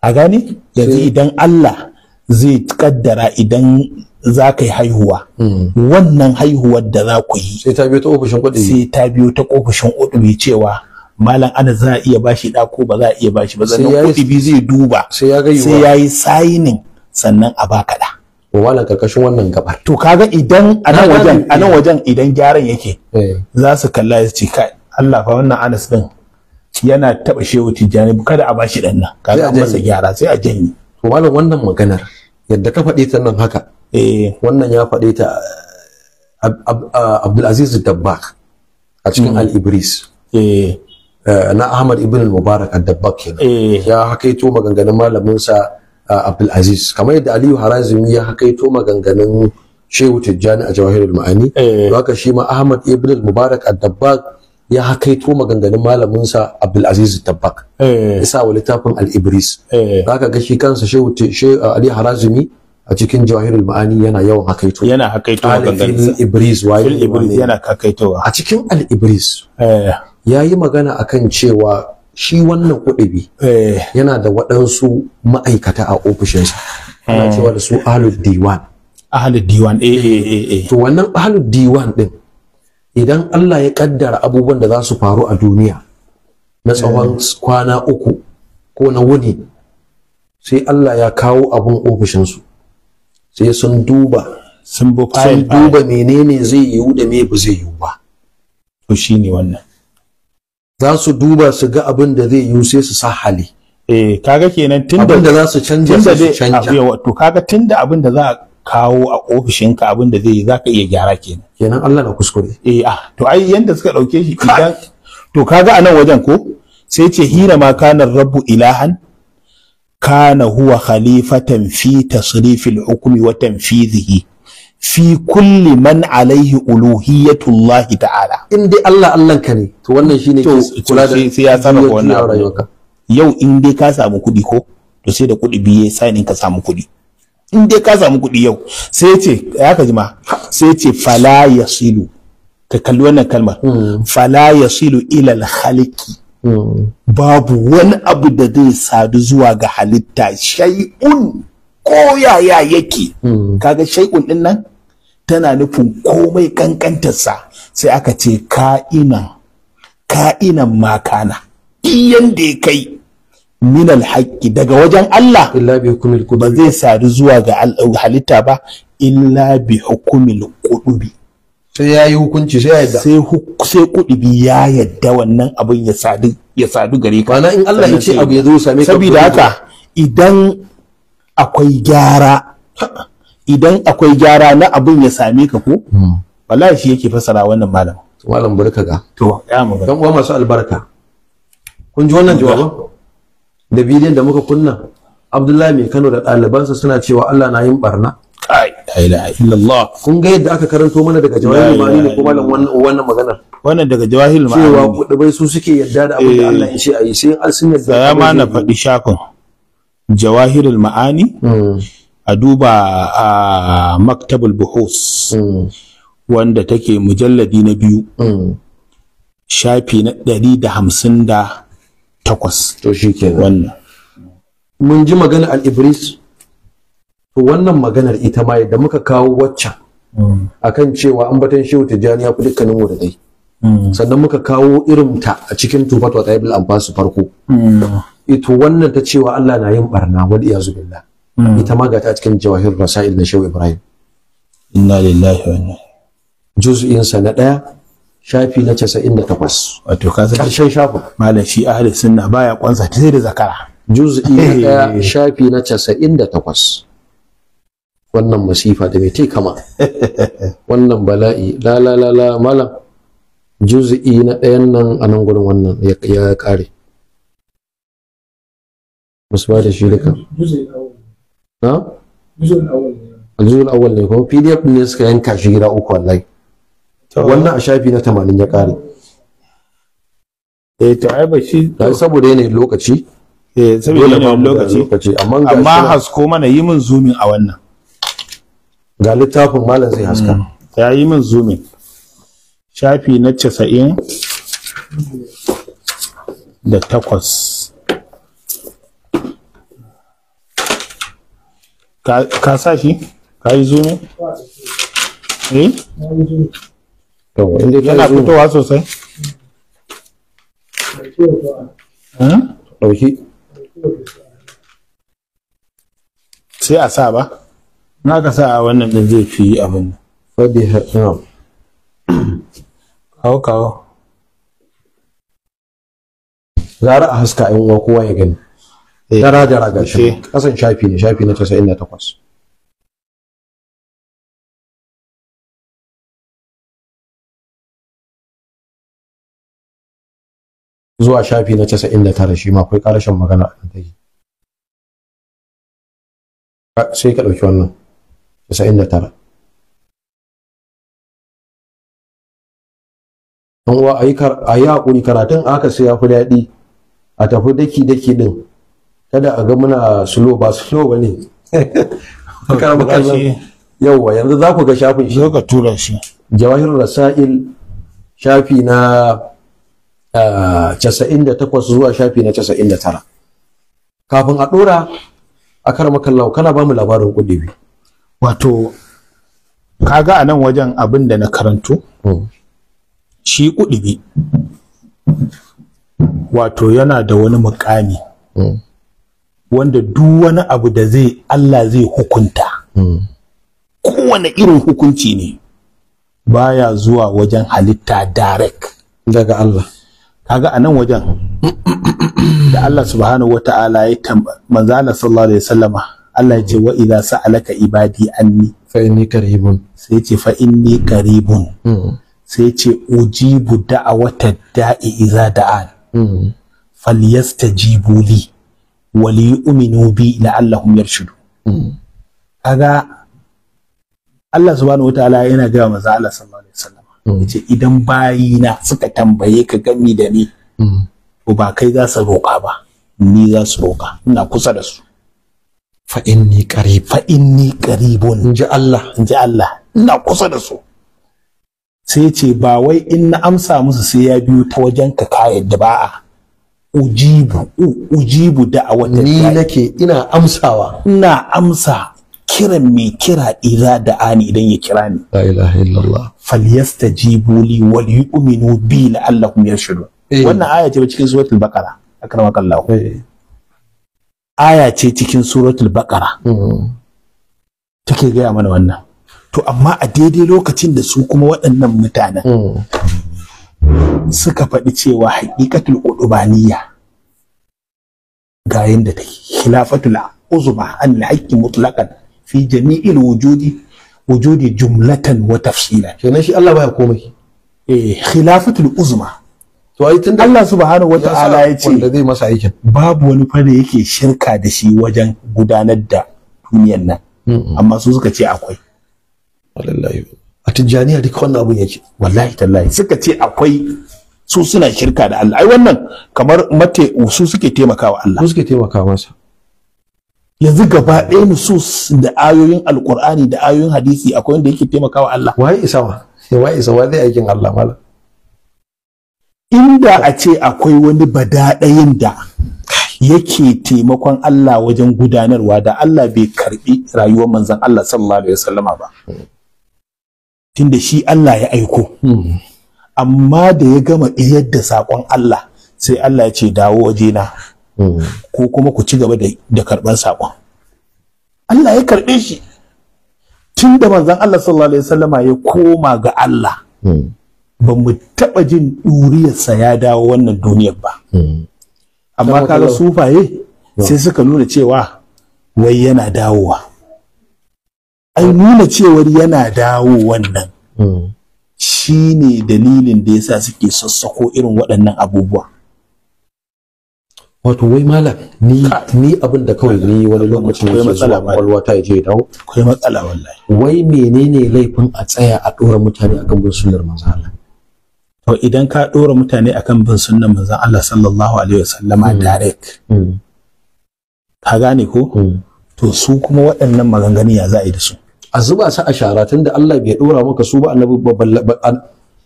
a gani yanzu idan Allah zai kaddara idan za ka yi haihuwa wannan haihuwar da za ku yi sai ta biyo ta ofishin kuɗi sai ta biyo ta ofishin kuɗi cewa malam ana za a iya bashi da ko ba za a iya bashi ba sannan kuɗi zai duba sai ya yi sainin sannan a baka da wannan karkashin wannan gabar to kaga idan a nan wajen a nan wajen idan gyaran yake eh. za su kalla ya ce kai Allah fa wannan Anas din yana taba shehu tijjani kada a bashi danna kaga an masa gyara sai a janye to malam wannan maganar yadda ka faɗi ta nan haka eh wannan ya faɗi ta Aziz Dabbak a cikin mm. Al Ibris eh. eh na Ahmad ibn Mubarak Ad-Dabbak kenan eh. ya hakaito maganganun malamin sa Aziz kamar yadda Aliyu Harazimi ya hakaito maganganun Shehu Tijjani a Jawahirul Ma'ani eh. haka shi ma Ahmad ibn Mubarak Ad-Dabbak ya hakaito maganganun malaminsa Abdulaziz Tabbak isa eh. wa littafin al-Ibris eh. zaka ga shi kansa Shehu uh, Ali Harazimi a cikin Jawahirul Ma'ani yana yawan hakaito yana hakaito maganganun Ibris wa Ibris yana hakaitowa a cikin al-Ibris eh. yayi magana akan cewa shi wannan kuɗi yana da waɗansu ma'aikata a ofishinsa ana cewa da su ahlud diwan ahlud diwan eh eh eh to wannan ahlud diwan din idan Allah ya kaddara abubuwan da za su faru a duniya na tsawon eh. kwana uku ko na wuni sai Allah ya kawo abun ofishinsu sai sun duba sun duba menene zai yiwu da me ba zai yiwu ba to shine wannan za su duba su ga abin da zai yiwu sai su sa hali eh kaga kenan tunda abin da za su canja su canja ah, to kaga tunda abin da za kawo a ofishinka abin da zai yi zaka iya gyara kenan kenan Allah na kuskure eh ah to ai yanda suka dauke shi idan to kaga anan wajen ko sai ce hira ma kana rabbu ilahan kana huwa khalifatan fi tasrifil hukmi wa tanfizihi fi kulli man alaihi uluhiyatullahi ta'ala in Allah Allah ka ne to wannan shine kula da sai ya sanar wannan yau in dai ka samu kuɗi ko to sai da kuɗi biye sai ka samu kuɗi in dai ka samu kuɗi yau sai ce ya ka jima sai ce fala ya silu ka kalli wannan kalmar hmm. fala ya silu ilal haliki hmm. babu wani abu da zai sadu zuwa ga halitta shai'un koyaya yake hmm. kaga shai'un din nan tana nufin komai kankantarsa sai aka ce ka'inan ka'inan makana iyan da ya kai min haƙƙi daga wajen Allah ba zai sadu zuwa ga halitta ba illa bi hukumin qudubi sai ya yi hukunci sai ya yadda sai sai kudubi ya yadda wannan abin ya sadu ya sadu gare ka ma'ana in Allah ya ce abu ya zo same ka saboda haka idan akwai gyara idan akwai gyara na abin ya same ka ko hmm. wallahi shi yake fasara wannan malam malam barka ga to ya mu dan uwa masu albarka kun ji wannan jawabin da bidiyon da muka kunna abdullahi mai kano da ɗalibansa suna cewa allah na yin barna kun ga yadda aka karanto mana daga jawahirul ma'ani ne ko malam wannan maganar wannan daga jawahirul ma'ani cewa kudubai su suke yadda da abin da eh. Allah ya ce yi sai al sun yadda ya ma na faɗi shakon jawahirul ma'ani hmm. a duba a maktabul buhus hmm. wanda take mujalladi na biyu hmm. shafi na ɗari da hamsin da takwas to shi ke wannan mun ji magana al-ibris to wannan maganar ita ma da muka kawo waccan mm. akan cewa an batan shehu tijjani ya fi dukkanin dai. Mm. sannan muka kawo irin ta a cikin tufat wa tayyibul abbas farko mm. ito wannan ta cewa Allah na yin barna wal iyazu billah ita ma gata a cikin jawahir rasail na shehu ibrahim inna lillahi wa inna juz'in sa na daya shafi na 98 wato ka san karshen shafin malam shi ahli sunna baya kwansa sai da zakara juz'i na eh. shafi na 98 wannan masifa da mai kama wannan bala'i la la la la malam juz'i na ɗayan nan a nan gurin wannan ya kare musu ba da shi duka na? na awwal ne ko pdf ne suka yanka shi gida uku wallahi wannan a shafi na tamanin ya kare. eh to ai ba shi saboda yanayin lokaci eh saboda yanayin lokaci amma amma hasko mana yi min zoomin a wannan ga littafin malam zai haska hmm. ya yi min zoomin shafi na casa'in da takwas ka sa shi ka yi zoomin eh yawa inda tana fitowa sosai ɗauki sai a sa ba na ka sa a wannan ɗin zai fi abin fadi haɗin kawo kawo zara a haska yan uwa kowa ya gani eh. dara dara ga shi kasan shafi ne shafi na 98 zuwa shafi na 99 shi ma akwai karashin magana a kan take sai ka ɗauki wannan 99 an uwa a yi haƙuri karatun aka sai ya fi daɗi a tafi daki-daki ɗin kada a ga muna slow ba slow ba ne yauwa yanzu za ku ga shafin shi ka tura shi jawahir rasail shafi na 98 zuwa shafi na 99 kafin a dora a karmakan lau kana ba mu labarin kudubi wato kaga a nan wajen abin da na karantu? Hmm. shi kudubi wato yana da wani mukami hmm. wanda duk wani abu da zai Allah zai hukunta hmm. kowane irin hukunci ne baya zuwa wajen halitta direct daga Allah kaga anan wajen da Allah subhanahu wata'ala ya tamba manzo Allah sallallahu alaihi wasallama Allah ya ce wa idza sa'alaka ibadi anni fa inni qaribun sai ya ce fa inni qaribun hmm. sai ya ce ujibu da'awata da'i idza da'an hmm. falyastajibu li wa liyu'minu bi la'allahum yarshudu hmm. kaga Allah subhanahu wata'ala yana ga manzo Allah sallallahu ce idan bayina suka tambaye ka gami da ni mm. to ba kai za su roƙa ba ni za su roƙa ina kusa da su fa inni qarib fa inni qaribun inji Allah inji Allah ina kusa da su sai ce ba wai in na amsa musu sai ya biyo ta wajen ka ka yadda ba a ujibu ujibu da a ni nake ina amsawa ina amsa kiran mai kira da ani idan ya kira ni la ilaha illallah falyastajibu li wal yu'minu bi la'allahum yashudu eh. wannan aya ce cikin suratul baqara akramakallahu eh. aya ce cikin suratul baqara hmm. take gaya mana wannan to amma a daidai lokacin da su kuma waɗannan mutanen hmm. suka faɗi cewa haƙiƙatul udubaniya ga yadda take khilafatul uzuma an haƙƙi mutlaqan fi jami'il wujudi wujudi jumlatan wa tafsila Allah baya komai eh khilafatul uzma to ai tunda Allah subhanahu wata'ala ya ce babu wani fara yake shirka da shi wajen gudanar da duniyar nan amma su suka ce akwai wallahi a tijjaniya duk wannan abun yake wallahi tallahi suka ce akwai su suna shirka da Allah ai wannan kamar mate su suke taimakawa Allah su suke taimakawa masa yanzu gaba ɗaya nusus da ayoyin alkur'ani da ayoyin hadisi akwai wanda yake taimakawa Allah wai isa wa wai isa zai aikin Allah mala inda a ce akwai wani badaɗayin da yake taimakon Allah wajen gudanarwa da Allah bai karbi rayuwar manzon Allah sallallahu alaihi wasallama ba tunda shi Allah ya aiko hmm. amma da ya gama iyar da saƙon Allah sai Allah ya ce dawo wajena ko kuma ku ci gaba da karɓar saƙon Allah ya karɓe shi tun da manzon Allah sallallahu alaihi wasallama ya koma ga Allah ba mu taɓa jin ɗuriyarsa ya dawo wannan duniyar ba amma kaga sufaye sai suka nuna cewa wai yana dawowa ai nuna cewar yana dawo wannan hmm. shine dalilin da yasa suke sassako irin waɗannan abubuwa wato wai mala ni ni abin da kawai ni wani lokaci wai zuwa kwalwa ta je dawo akwai matsala wallahi wai menene laifin a tsaya a dora mutane akan bin sunnar manzo Allah to idan ka dora mutane akan bin sunnar manzo Allah sallallahu alaihi wasallama hmm. direct hmm. ka gane ko hmm. to su kuma waɗannan maganganun ya za a yi da su a zuba su a shara tunda Allah bai dora maka su ba annabi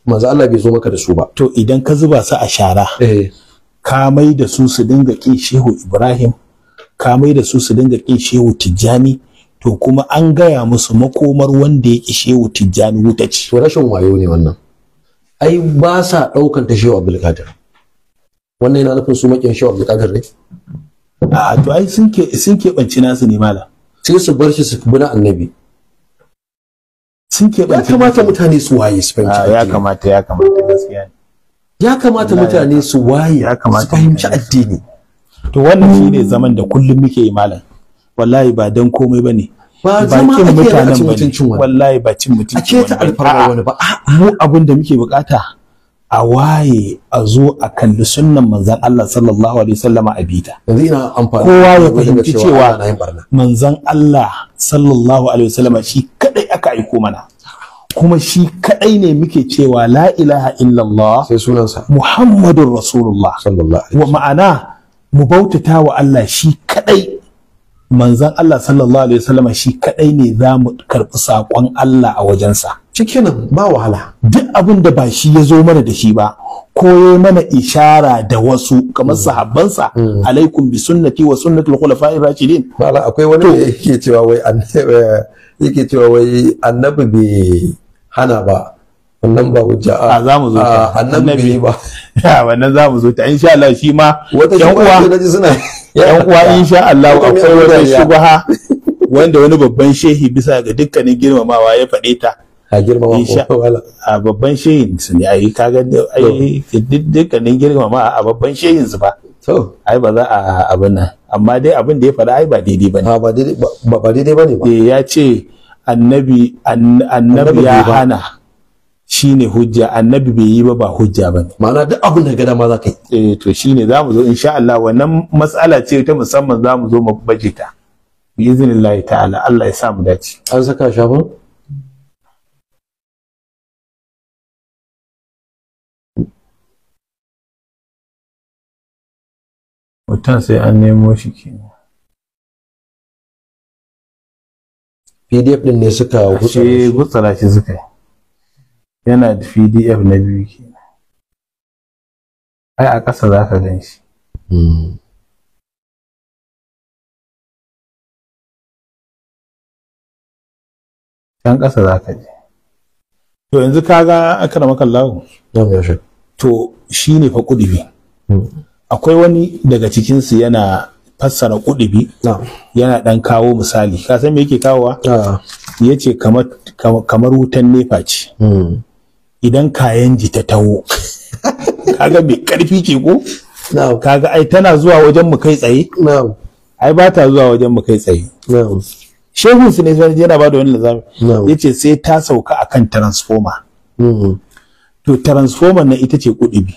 manzo Allah bai zo maka da su ba to idan ka zuba su a shara eh ka mai da su su dinga kin shehu ibrahim ka mai da su su dinga kin shehu tijjani to kuma an gaya musu makomar wanda ya ki shehu tijjani wuta ce to rashin wayo ne wannan ai ba sa daukan ta shehu abdulkadir wannan yana nufin su makin shehu abdulkadir ne a to ai sun ke sun banci nasu ne mala sai su bar shi su bi na annabi sun keɓanci ya kamata mutane su waye su banci ya kamata ya kamata gaskiya ne ya kamata mutane su waye su fahimci addini to wannan shine zaman da kullum muke yi malam wallahi ba dan komai bane ba zama ake mutanen ba ne wallahi ba cin mutunci ake ta alfarma wani ba mu abin da muke bukata a waye a zo a kalli sunnan manzon Allah sallallahu alaihi wasallama a bita yanzu ina amfani kowa ya fahimci cewa manzon Allah sallallahu alaihi wasallama shi kadai aka aiko mana kuma shi kadai ne muke cewa la ilaha illallah sai sunansa muhammadur rasulullah wa ma'ana mu bautata wa Allah shi kadai manzon Allah sallallahu alaihi wasallam shi kadai ne za mu karɓi saƙon Allah a wajensa nan ba wahala duk abin da ba shi ya zo mana da shi ba ko mana ishara da wasu kamar mm. sahabbansa mm. alaikum bi sunnati wa sunnati al-khulafa'ir rashidin akwai wani da yake cewa wai yake cewa wai annabi bai hana ba wannan ba hujja a za mu zo ta annabi ba wannan za mu zo ta insha Allah shi ma yan uwa suna yan uwa insha Allah akwai wata shubha wanda wani babban shehi bisa ga dukkanin girmamawa ya faɗe ta a girmamawa ko wala a babban shehin su ne ai kaga ai dukkanin girmama a babban shehin su ba to ai ba za a abin nan amma dai abin da ya faɗa ai ba daidai bane ba daidai ba ne ba eh ya ce annabi annabi ya hana shine hujja annabi bai yi ba ba hujja ba ma'ana duk abin da ga dama za ka yi eh to shine za mu zo insha Allah wannan matsala ce ta musamman za mu zo mu baje ta bi iznillahi ta'ala Allah ya sa mu dace an saka shafin Mutan sai an nemo shi kenan pdf din ne suka shi gutsara shi suka yana da pdf na biyu kenan ai a ƙasa za ka gan shi hmm. can ƙasa za ka je to yanzu ka ga aka da makan lawo to shi ne fa hmm. akwai wani daga cikinsu yana fassara kudubi yana dan kawo misali ka san me yake kawowa ya ce kamar wutan nefa ce hmm. idan kayan ji ta taho kaga mai karfi ke ko kaga ai tana zuwa wajen mu kai tsaye ai ba ta zuwa wajen mu kai tsaye shehu su ne yana ba da wani lazami ya ce sai ta sauka akan transformer hmm. to transformer na ita ce kudubi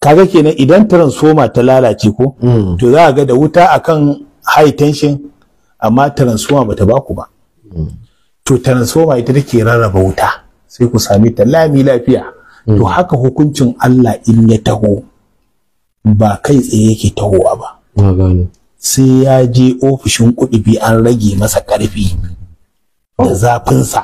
kaga kenan idan transformer ta lalace ko hmm. to za ga da wuta akan high tension amma transformer bata baku ba hmm. to transformer ita take rarraba wuta sai ku sami ta lami lafiya hmm. to haka hukuncin Allah in ya taho ba kai tsaye yake tahowa ba sai ya je ofishin kuɗi an rage masa karfi da oh. zafinsa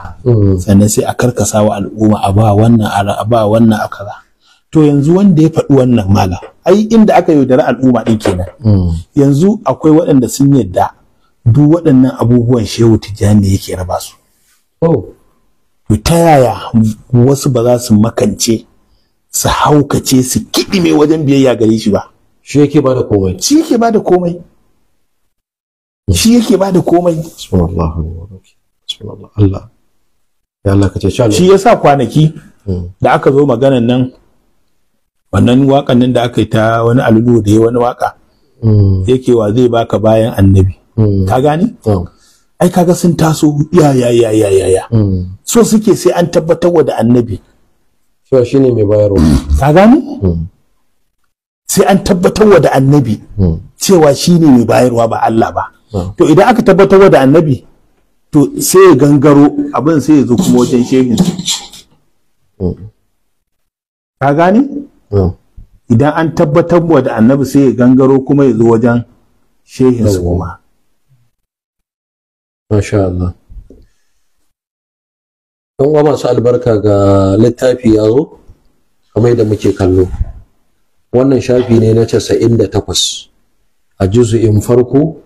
sannan sai a karkasa wa al'umma a ba wannan a ba wannan a kaza to yanzu wanda ya faɗi wannan mala ai inda aka yaudari al'umma din kenan hmm. yanzu akwai waɗanda sun yadda duk waɗannan abubuwan shehu tijjani yake raba su oh. to ta yaya wasu ba za su makance su haukace su mai wajen biyayya gare shi ba shi yake ba da komai shi yake ba da komai hmm. shi yake ba da komai Allah ya Allah ka ce shi yasa kwanaki hmm. da aka zo maganan nan wannan wakan nan da aka yi ta wani alulu da ya wani waƙa mm. yake wa zai baka bayan annabi mm. ka gani oh. ai kaga sun taso ya ya ya ya ya ya mm. so suke sai an tabbatar wa da annabi cewa shine mai bayarwa ka gani? sai an tabbatar wa da annabi cewa shine mai bayarwa ba Allah ba oh. to idan aka tabbatar wa da annabi to sai ya gangaro abin sai ya zo kuma wajen shehin ka gani? idan an tabbatar wa da annabi sai ya gangaro kuma ya zo wajen shehin su kuma masha Allah don wa masu albarka ga littafi ya zo kamar da muke kallo wannan shafi ne na 98 a juzu'in farko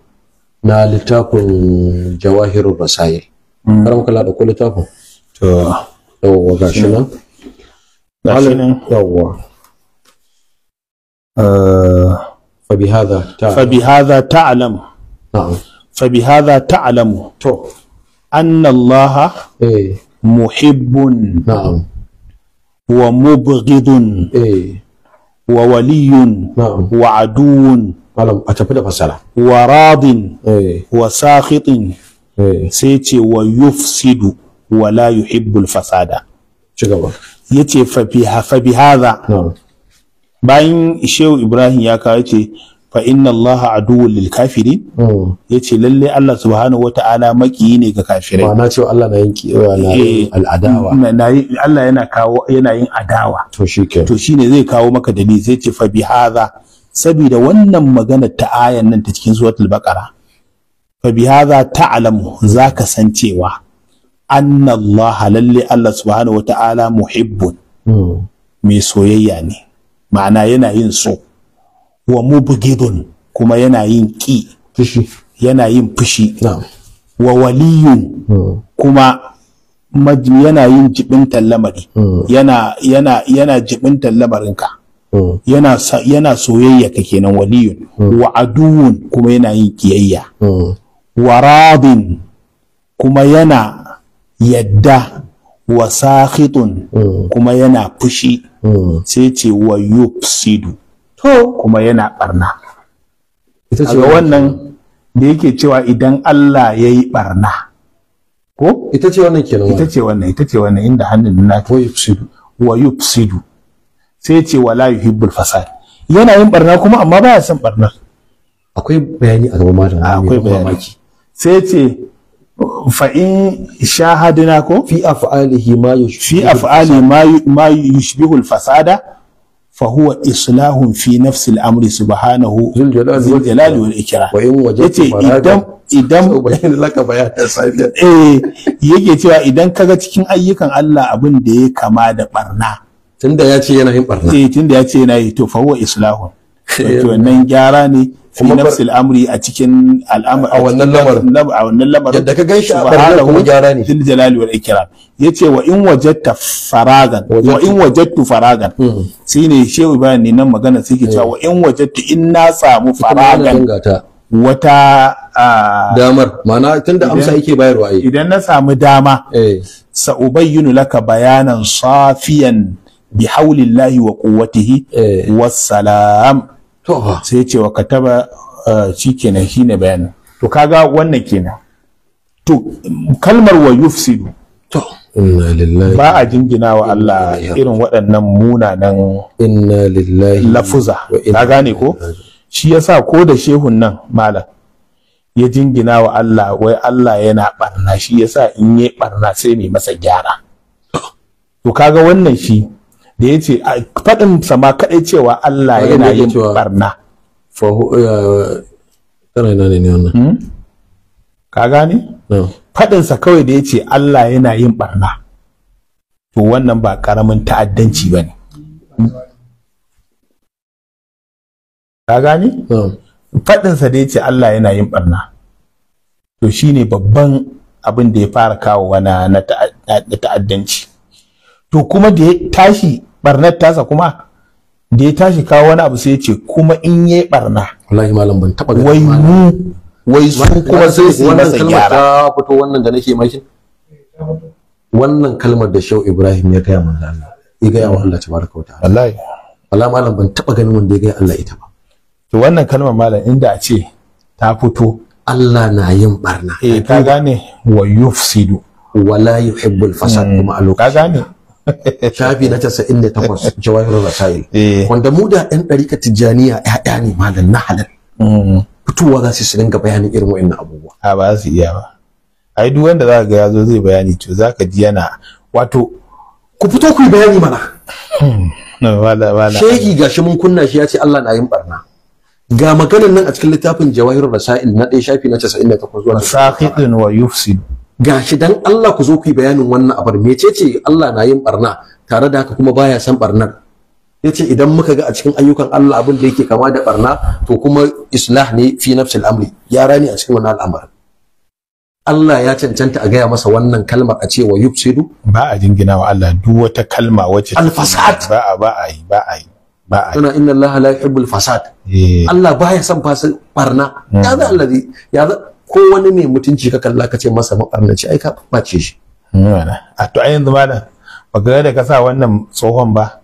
na littafin jawahirun rasaye har mm. muka lada ko littafin to yawwa ga nan gashi nan yawwa آه، فبهذا تعلم فبهذا تعلم نعم فبهذا تعلم تو ان الله ايه محب نعم ومبغض ايه وولي نعم وعدو وراض ايه وساخط ايه ويفسد ولا يحب الفساد شكرا يتي فبه فبهذا نعم bayan shehu ibrahim ya kawo ce fa inna allaha aduwwul lil kafirin hmm. yace lalle Allah subhanahu wata'ala maki ne ga kafirai ma'ana cewa Allah na yin eh, al'adawa Allah yana kawo yana yin adawa to shike to shine zai kawo maka dani sai ce fa bi hadha saboda wannan magana ta ayan nan ta cikin suratul baqara fa bi hadha ta'lamu zaka san cewa anna allaha lalle Allah subhanahu wata'ala muhibbun hmm. mai soyayya ne ma'ana yana yin so wa mubghidun kuma yana yin ki fushi yana yin fushi wa waliyun hmm. kuma yana yin jibin lamari hmm. yana yana yana tallamarin lamarinka hmm. yana yana soyayya ka kenan waliyun wa adu'un kuma yana yin kiyayya wa rabin kuma yana yadda wa sakhitun mm. kuma yana fushi mm. sai ce wa yufsidu to kuma yana barna ita ce wannan da yake cewa idan Allah ya yi barna ko ita ce wannan kenan ita ce wannan ita ce wannan inda hannun na ta yufsidu wa yufsidu sai ce wa la yuhibbul fasad yana yin barna kuma amma baya son barna akwai bayani a gaban malam akwai bayani sai ce fa'in shahadina ko fi af'alihi ma fi af'ali ma yushbihu fasada fa huwa islahun fi nafsi amri subhanahu zul jalali wal ikram wa in wajadta idan eh, yake cewa idan kaga cikin ayyukan Allah abin da ya kama da barna tunda ya ce yana yin barna eh tunda ya ce yana yi to fa huwa islahun gyara ne fi nafsi al'amri a cikin al'amari a wannan lamarin a wannan lamarin yadda ka ganshi a barna kuma gyara ne dil jalali wal ikram yace wa in wajadta faragan wa in wajadtu faragan hmm. shine shehu bayan ne nan magana sai ke cewa hmm. wa in wajadtu in na samu faragan wata damar ma'ana tunda amsa yake bayarwa idan na samu dama eh. ubayyinu laka bayanan safiyan bi haulillahi wa quwwatihi eh. wassalam sai ya ce wa eh, kenan, shi ne bayan to kaga wannan kenan to kalmar wa yufsidu to inna lillahi ba a jingina wa Allah irin waɗannan munanan inna lillahi lafuza ka gane ko shi yasa ko da shehun nan malam ya jingina wa Allah wai Allah yana barna shi yasa in yi barna sai mai masa gyara to kaga wannan shi da ya ce faɗin sama kaɗai cewa Allah yana yin barna hmm? ka gane faɗinsa kawai da ya ce Allah yana yin barna to wannan ba ƙaramin ta'addanci ba ne ka gane faɗinsa da ya ce Allah yana yin barna to shi ne babban abin da ya fara kawo wana na ta'addanci to kuma da ya tashi barnar tasa kuma da ya tashi kawo wani abu sai ya ce kuma in yi barna wallahi malam ban taba wai mu wai su kuma sai su yi masa gyara fito wannan da nake wannan kalmar da Shau Ibrahim ya gaya manzo Allah ya gaya wa Allah tabaraka wa ta'ala wallahi wallahi malam ban taba ganin wanda ya gaya Allah ita ba to wannan kalmar malam inda a ce ta fito Allah na yin barna eh ka gane wa yufsidu wala yuhibbul fasad hmm, kuma a lokacin ka gane shafi na takwas jawahirul rasail eh. wanda mu da yan ɗarika tijjaniya ƴaƴa ne malam na halal mm. fitowa za su dinga bayanin irin na abubuwa a ba su iya ba A duk wanda za ga yazo zai bayani to ka ji yana wato ku fito ku yi bayani mana hmm. shegi gashi mun kunna shi ya ce Allah na yin barna ga maganan nan a cikin littafin jawahirul rasail na ɗaya shafi na 98 zuwa takwas wa yufsidu gashi dan Allah ku zo ku yi bayanin wannan abar mecece Allah na yin barna tare da haka kuma baya san barnar yace idan muka ga a cikin ayyukan Allah abin da yake kama da barna to kuma islah ne fi nafsil amri yara ne a cikin wannan al'amarin Allah ya cancanta a gaya masa wannan kalmar a cewa yufsidu ba a jingina wa Allah duk wata kalma wacce al-fasad ba a ba a yi ba a yi ba a yi inna Allah la yuhibbul fasad eh. Allah baya son fasin barna ya hmm. za Allah ya ko wani mai mutunci ka kalla ka ce masa mabarnaci ai ka bace shi a to ai yanzu malam baka da ka sa wannan tsohon ba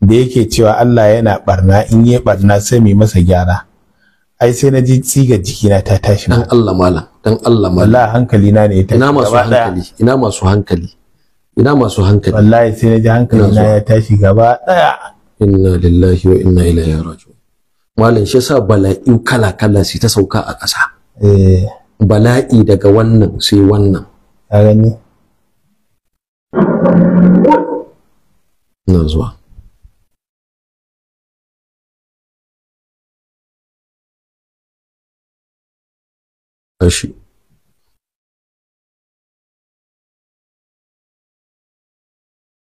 da yake cewa Allah yana barna in yi barna sai mai masa gyara ai sai na ji tsiga jikina ta tashi dan Allah malam dan Allah malam wallahi hankali na ne ina masu hankali ina masu hankali ina masu hankali wallahi sai na ji hankali na ya tashi gaba daya inna lillahi wa inna ilaihi raji'un malam shi yasa bala'i kala kala shi ta sauka a ƙasa eh bala'i daga wannan sai wannan a gani na zuwa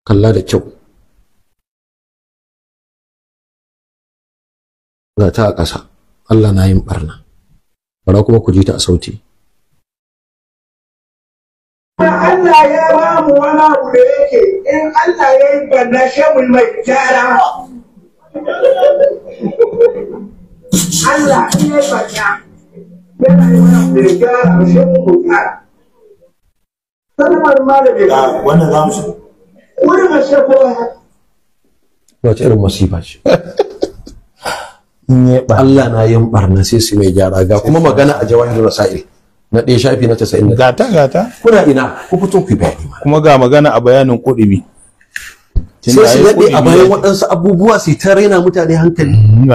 kalla da kyau ga ta a ƙasa Allah na yin ɓarna bara kuma ku ji ta a sauti Allah ya ba mu wani abu da yake in Allah ya yi banna shemul mai gyara. Allah in ya yi banna yana yi wani abu da ya gyara a shemul mai gyara. Salman malami. Wannan za mu shi. Wani mace ko Wace irin masifa ce. Allah na yin barna sai su mai gyara ga kuma magana a jawahir rasa'il. na ɗaya shafi na 90 gata gata kuna ina ku fito ku bayani kuma ga magana a bayanin kuɗi sai su daɗe a bayan waɗansu abubuwa su ta raina mutane hankali mm,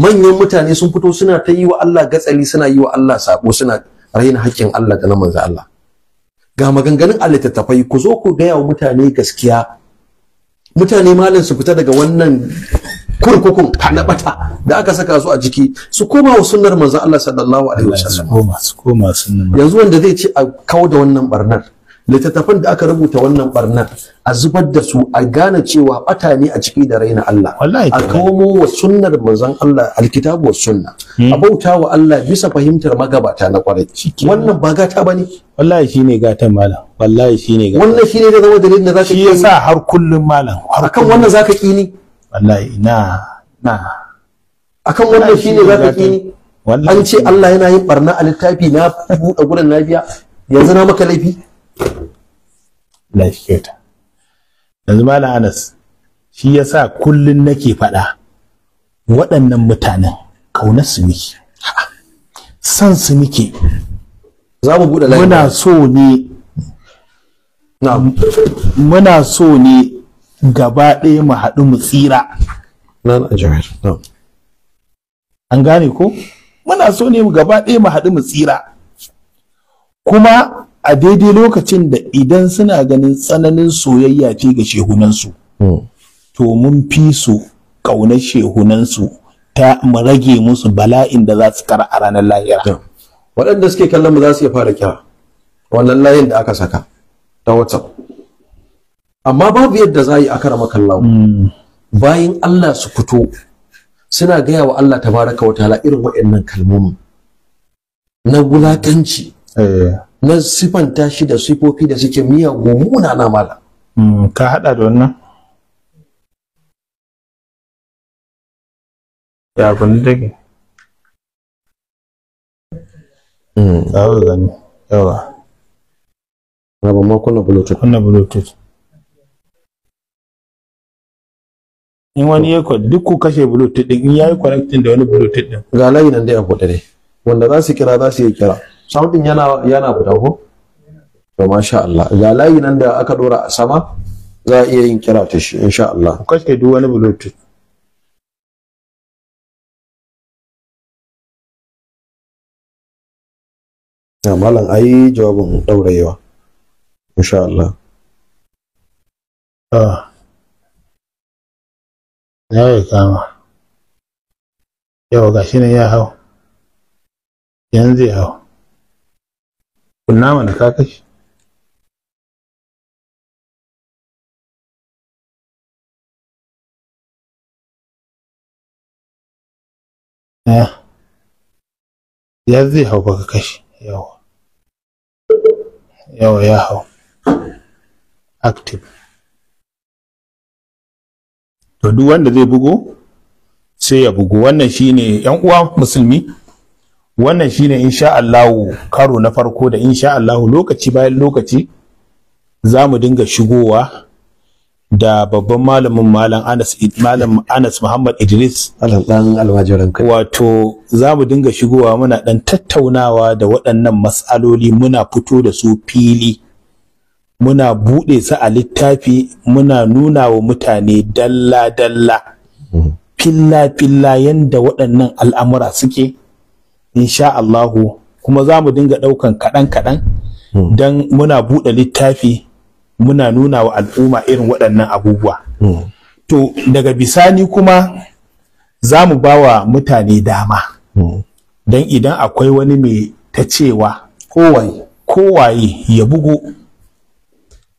manyan mutane sun fito suna ta yi wa Allah gatsali suna yi wa Allah saƙo suna raina haƙƙin Allah da na manzo Allah ga maganganun a littattafai ku zo ku gaya wa mutane gaskiya mutane malin su fita daga wannan kurkukun na bata da aka saka su a ciki su koma wa sunnar manzon Allah sallallahu alaihi wasallam koma su koma yanzu wanda zai ce a kawo da wannan barnar littattafan da aka rubuta wannan barnar a zubar da su a gane cewa bata ne a ciki da raina Allah a komo wa sunnar manzon Allah alkitabu was sunna hmm. a bauta wa Allah bisa fahimtar magabata na kwarai wannan ba gata bane wallahi shine gatan malam wallahi shine gata wannan shine da zama dalilin da zaka yi shi yasa har kullum malam har kan wannan zaka kini wallahi ina na akan wannan shine zaka ki ni an ce Allah yana yin barna a littafi na buɗe gurin lafiya? yanzu na maka laifi laifi ta yanzu malam Anas shi yasa kullun nake faɗa waɗannan mutanen kaunar su miki san su miki. za mu buɗe muna so ne muna so ne gaba ɗaya mu haɗu mu tsira an gane ko muna so ne mu gaba ɗaya mu haɗu mu tsira kuma a daidai lokacin da idan suna ganin tsananin soyayya ce ga shehunansu hmm. to mun fi su ƙaunar shehunansu ta mu rage musu bala'in da za su kara a ranar lahira waɗanda suke kallon mu za su iya fara kira wannan layin da aka saka ta whatsapp amma babu yadda za yi a karama kallawa hmm. bayan Allah su fito suna gaya wa Allah tabaraka wa ta'ala irin waɗannan kalmomi na wulakanci eh. na sifanta shi da sifofi da suke miya gumuna na mala hmm, ka hada da wannan ya gani take Mm. Yawa. Na ba ma kunna Bluetooth. Bluetooth. in wani ya kwa duk ku kashe bluetooth din in yayi connecting da wani bluetooth din ga layi nan dai a buɗe ne wanda za su kira za su yi kira sound yana yana fita ko to masha Allah ga layi nan da aka dora a sama za a iya yin kira ta shi insha Allah ku kashe duk wani bluetooth na malam ai jawabin daurayewa insha Allah ah na ya kama yau ga shi ne ya hau yanzu ya hau kunna mana ka kashi ya zai hau baka kashi yawa yawa ya hau active to duk wanda zai bugo sai ya bugu wannan shine yan uwa musulmi wannan shine insha Allah karo na farko da insha Allah lokaci bayan lokaci za mu dinga shigowa da babban malamin malam Anas malam Anas Muhammad Idris dan almajiran kai wato za mu dinga shigowa muna dan tattaunawa da waɗannan mas'aloli muna fito da su fili muna buɗe su a littafi muna nuna wa mutane dalla-dalla hmm. filla-filla yadda waɗannan al'amura suke insha Allahu kuma za mu dinga ɗaukan kaɗan-kaɗan hmm. don muna buɗe littafi muna nuna wa al'umma irin waɗannan abubuwa hmm. to daga bisani kuma za mu ba wa mutane dama don idan akwai wani mai ta cewa kowaye ya bugu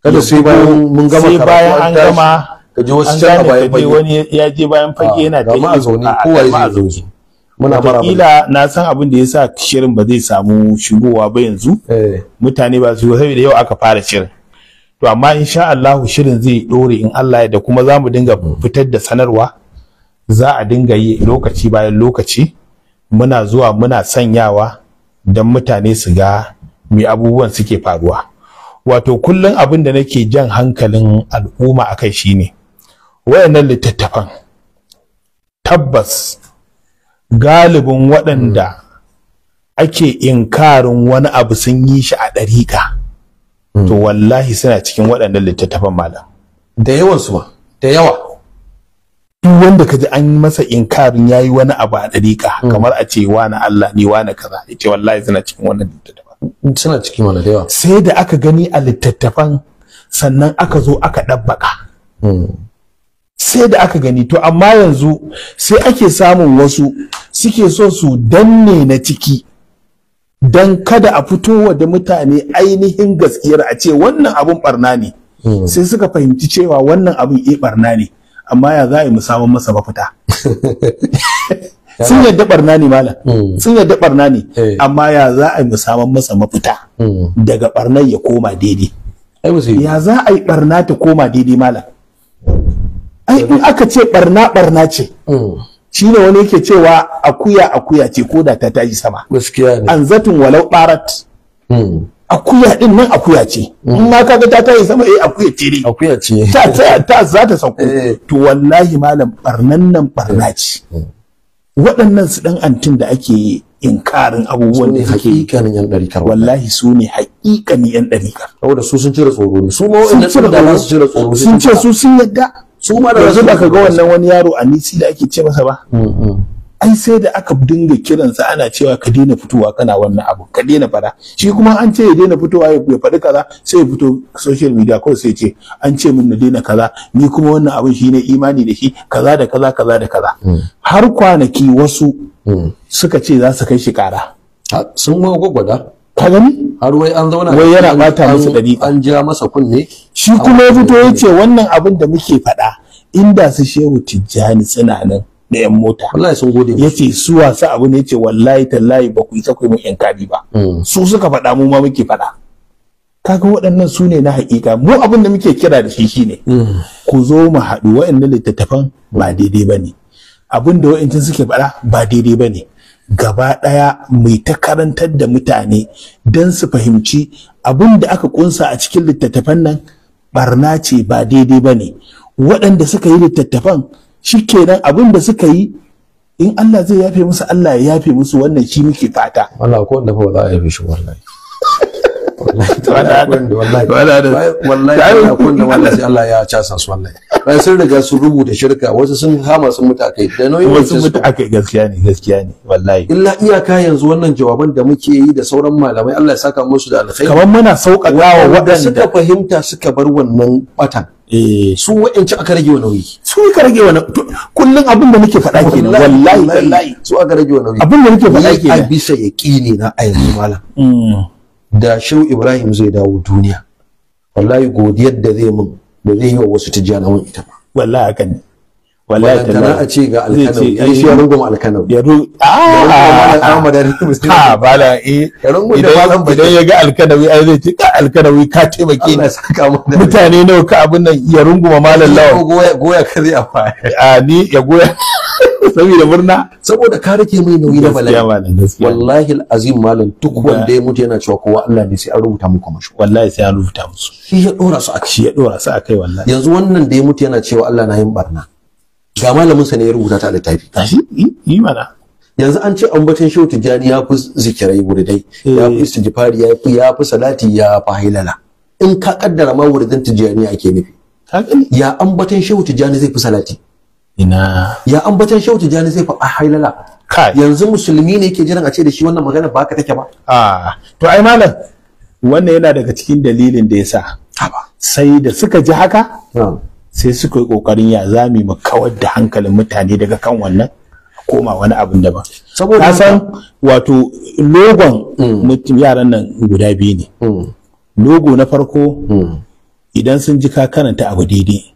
kada sai bayan mun gama sai bayan an gama ka wasu can bayan fage wani ya je bayan fage ah, yana ta yi a zaune ah, wai ya zo muna mara kila na san abin da yasa shirin ba zai samu shigowa ba yanzu eh. mutane ba su saboda yau aka fara shirin to amma insha Allah shirin zai dore in Allah ya da kuma za mu dinga hmm. fitar da sanarwa za a dinga yi lokaci bayan lokaci muna zuwa muna sanyawa don mutane su ga me abubuwan suke faruwa wato kullum abin da nake jan hankalin al'umma a kai shi ne, wayannan littattafan tabbas galibin waɗanda hmm. ake inkarin wani abu sun yi shi a ɗariƙa hmm. to wallahi suna cikin waɗannan littattafan malam da yawan su da yawa duk wanda kaji an masa inkarin yi wani abu a ɗariƙa hmm. kamar a ce wani Allah ne wani kaza ita ce wallahi suna cikin wannan littattafan suna ciki wani da yawa sai da aka gani a littattafan sannan aka zo aka ɗabbaka hmm. sai da aka gani to amma yanzu sai ake samun wasu suke so su danne na ciki don kada a fitowa da mutane ainihin gaskiyar a ce wannan abun barna ne hmm. sai suka fahimci cewa wannan abin e eh, barna ne amma ya za a yi mu masa mafita Hmm. sun yadda barna ne malam sun yadda barna ne amma ya za a mu saman masa mafita hmm. daga barnar ya koma daidai ya za a yi barna ta koma daidai malam ai in aka ce barna barna ce hmm. shi ne wani yake cewa akuya akuya ce ko da ta yi sama gaskiya ne an zatun walau barat akuya din nan akuya ce in ma kaga ta yi sama eh akuya ce ne akuya ce ta ta za ta sauko eh. to wallahi malam barnan nan barna ce waɗannan su ɗan antin da ake in ƙarin abubuwan da suke hakikanin yan ɗarikar wallahi su ne hakikanin yan ɗarikar saboda su sun cire tsoro ne su ma waɗanda sun da su cire tsoro sun ce su sun yadda su ma da su ba ka ga wannan wani yaro a nisi da ake ce masa ba mm, mm. ai sai da aka dinga kiransa ana cewa ka daina fitowa kana wannan abu ka daina fada shi kuma an ce ya daina fitowa ya faɗi kaza sai ya fito social media ko sai ce an ce min na daina kaza ni kuma wannan abu shi ne imani da shi kaza da kaza kaza da kaza hmm. har kwanaki wasu hmm. suka ce za su kai shi kara sun ma gwagwada ka gani har wai an zauna wai yana bata musu dari an ja masa kunne shi kuma ya fito ya ce wannan abin da muke faɗa inda su shehu tijjani suna nan da yan mota wallahi sun gode yace su wasa abu ne yace wallahi tallahi ba ku isa ku mu yan kadi ba mm. su suka faɗa mu ma muke faɗa kaga waɗannan su ne na haƙiƙa mu abin da muke kira da shi shine mm. ku zo mu haɗu waɗannan littattafan ba daidai ba ne abin da waɗancan suke faɗa ba daidai ba ne gaba ɗaya mai ta karantar da mutane don su fahimci abin da aka ƙunsa a cikin littattafan nan ɓarna ce ba daidai ba ne waɗanda suka yi littattafan shikenan abin da suka yi in Allah zai yafe musu Allah ya yafe musu wannan shi muke fata Allah ko wanda fa ba za a yafe shi wallahi wallahi Allah ya casa su wallahi bayan sun riga sun rubuta shirka wasu sun hama sun mutu akai da nauyin wasu mutu akai gaskiya ne gaskiya ne wallahi illa iyaka yanzu wannan jawaban da muke yi da sauran malamai Allah ya saka musu da alkhairi kamar muna sauƙaƙa wa waɗanda suka fahimta suka bar wannan batan Eh, su wa'ancan aka rage wa nauyi su aka rage wa nauyi abin da nake faɗa kenan wallahi wallahi su aka rage wa nauyi abin da nake faɗa kenan a bisa yaqini na a yanzu malam mm. da shehu ibrahim zai dawo duniya wallahi godiyar da zai mun ba zai yi wa wasu tijjana mun ita ba wallahi hakan wallahi tana a ce ga alkanau ai Ya eh, rungun alkanau ya ru ah! a bala eh idan idan ya ga alkanawi ai zai ce ka alkanawi ka taimake ni mutane nawa ka abin nan ya runguma malam lawa goya goya ka zai afa a ni ya goya saboda murna saboda ka rike mai nauyi da bala'i wallahi azim malam duk wanda ya mutu yana cewa kowa Allah ne sai an rubuta muku mashi wallahi sai an rubuta musu shi ya dora su a shi ya dora su a kai wallahi yanzu wannan da ya mutu yana cewa Allah na yin barna ga malamin sa ne ya rubuta ta a littafi tashi yi mana yanzu an ce ambaton shehu tijjani ya fi zikirai wurdai ya fi eh. istighfari ya fi ya fi salati ya fi hailala in ka kaddara ma wuridan tijjani ake nufi ya ambaton shehu tijjani zai fi salati ina ya ambaton shehu tijjani zai fi hailala yanzu musulmi ne yake jiran a ce da shi wannan magana ba ka take ba a ah, to ai malam wannan yana daga cikin dalilin da yasa sai da suka ji haka sai suka yi kokarin ya zame mu kawar da hankalin mutane daga kan wannan koma wani abin da ba. saboda san wato logon mm. mutum yaran nan guda biyu ne mm. logo na farko mm. idan sun ji ka karanta abu daidai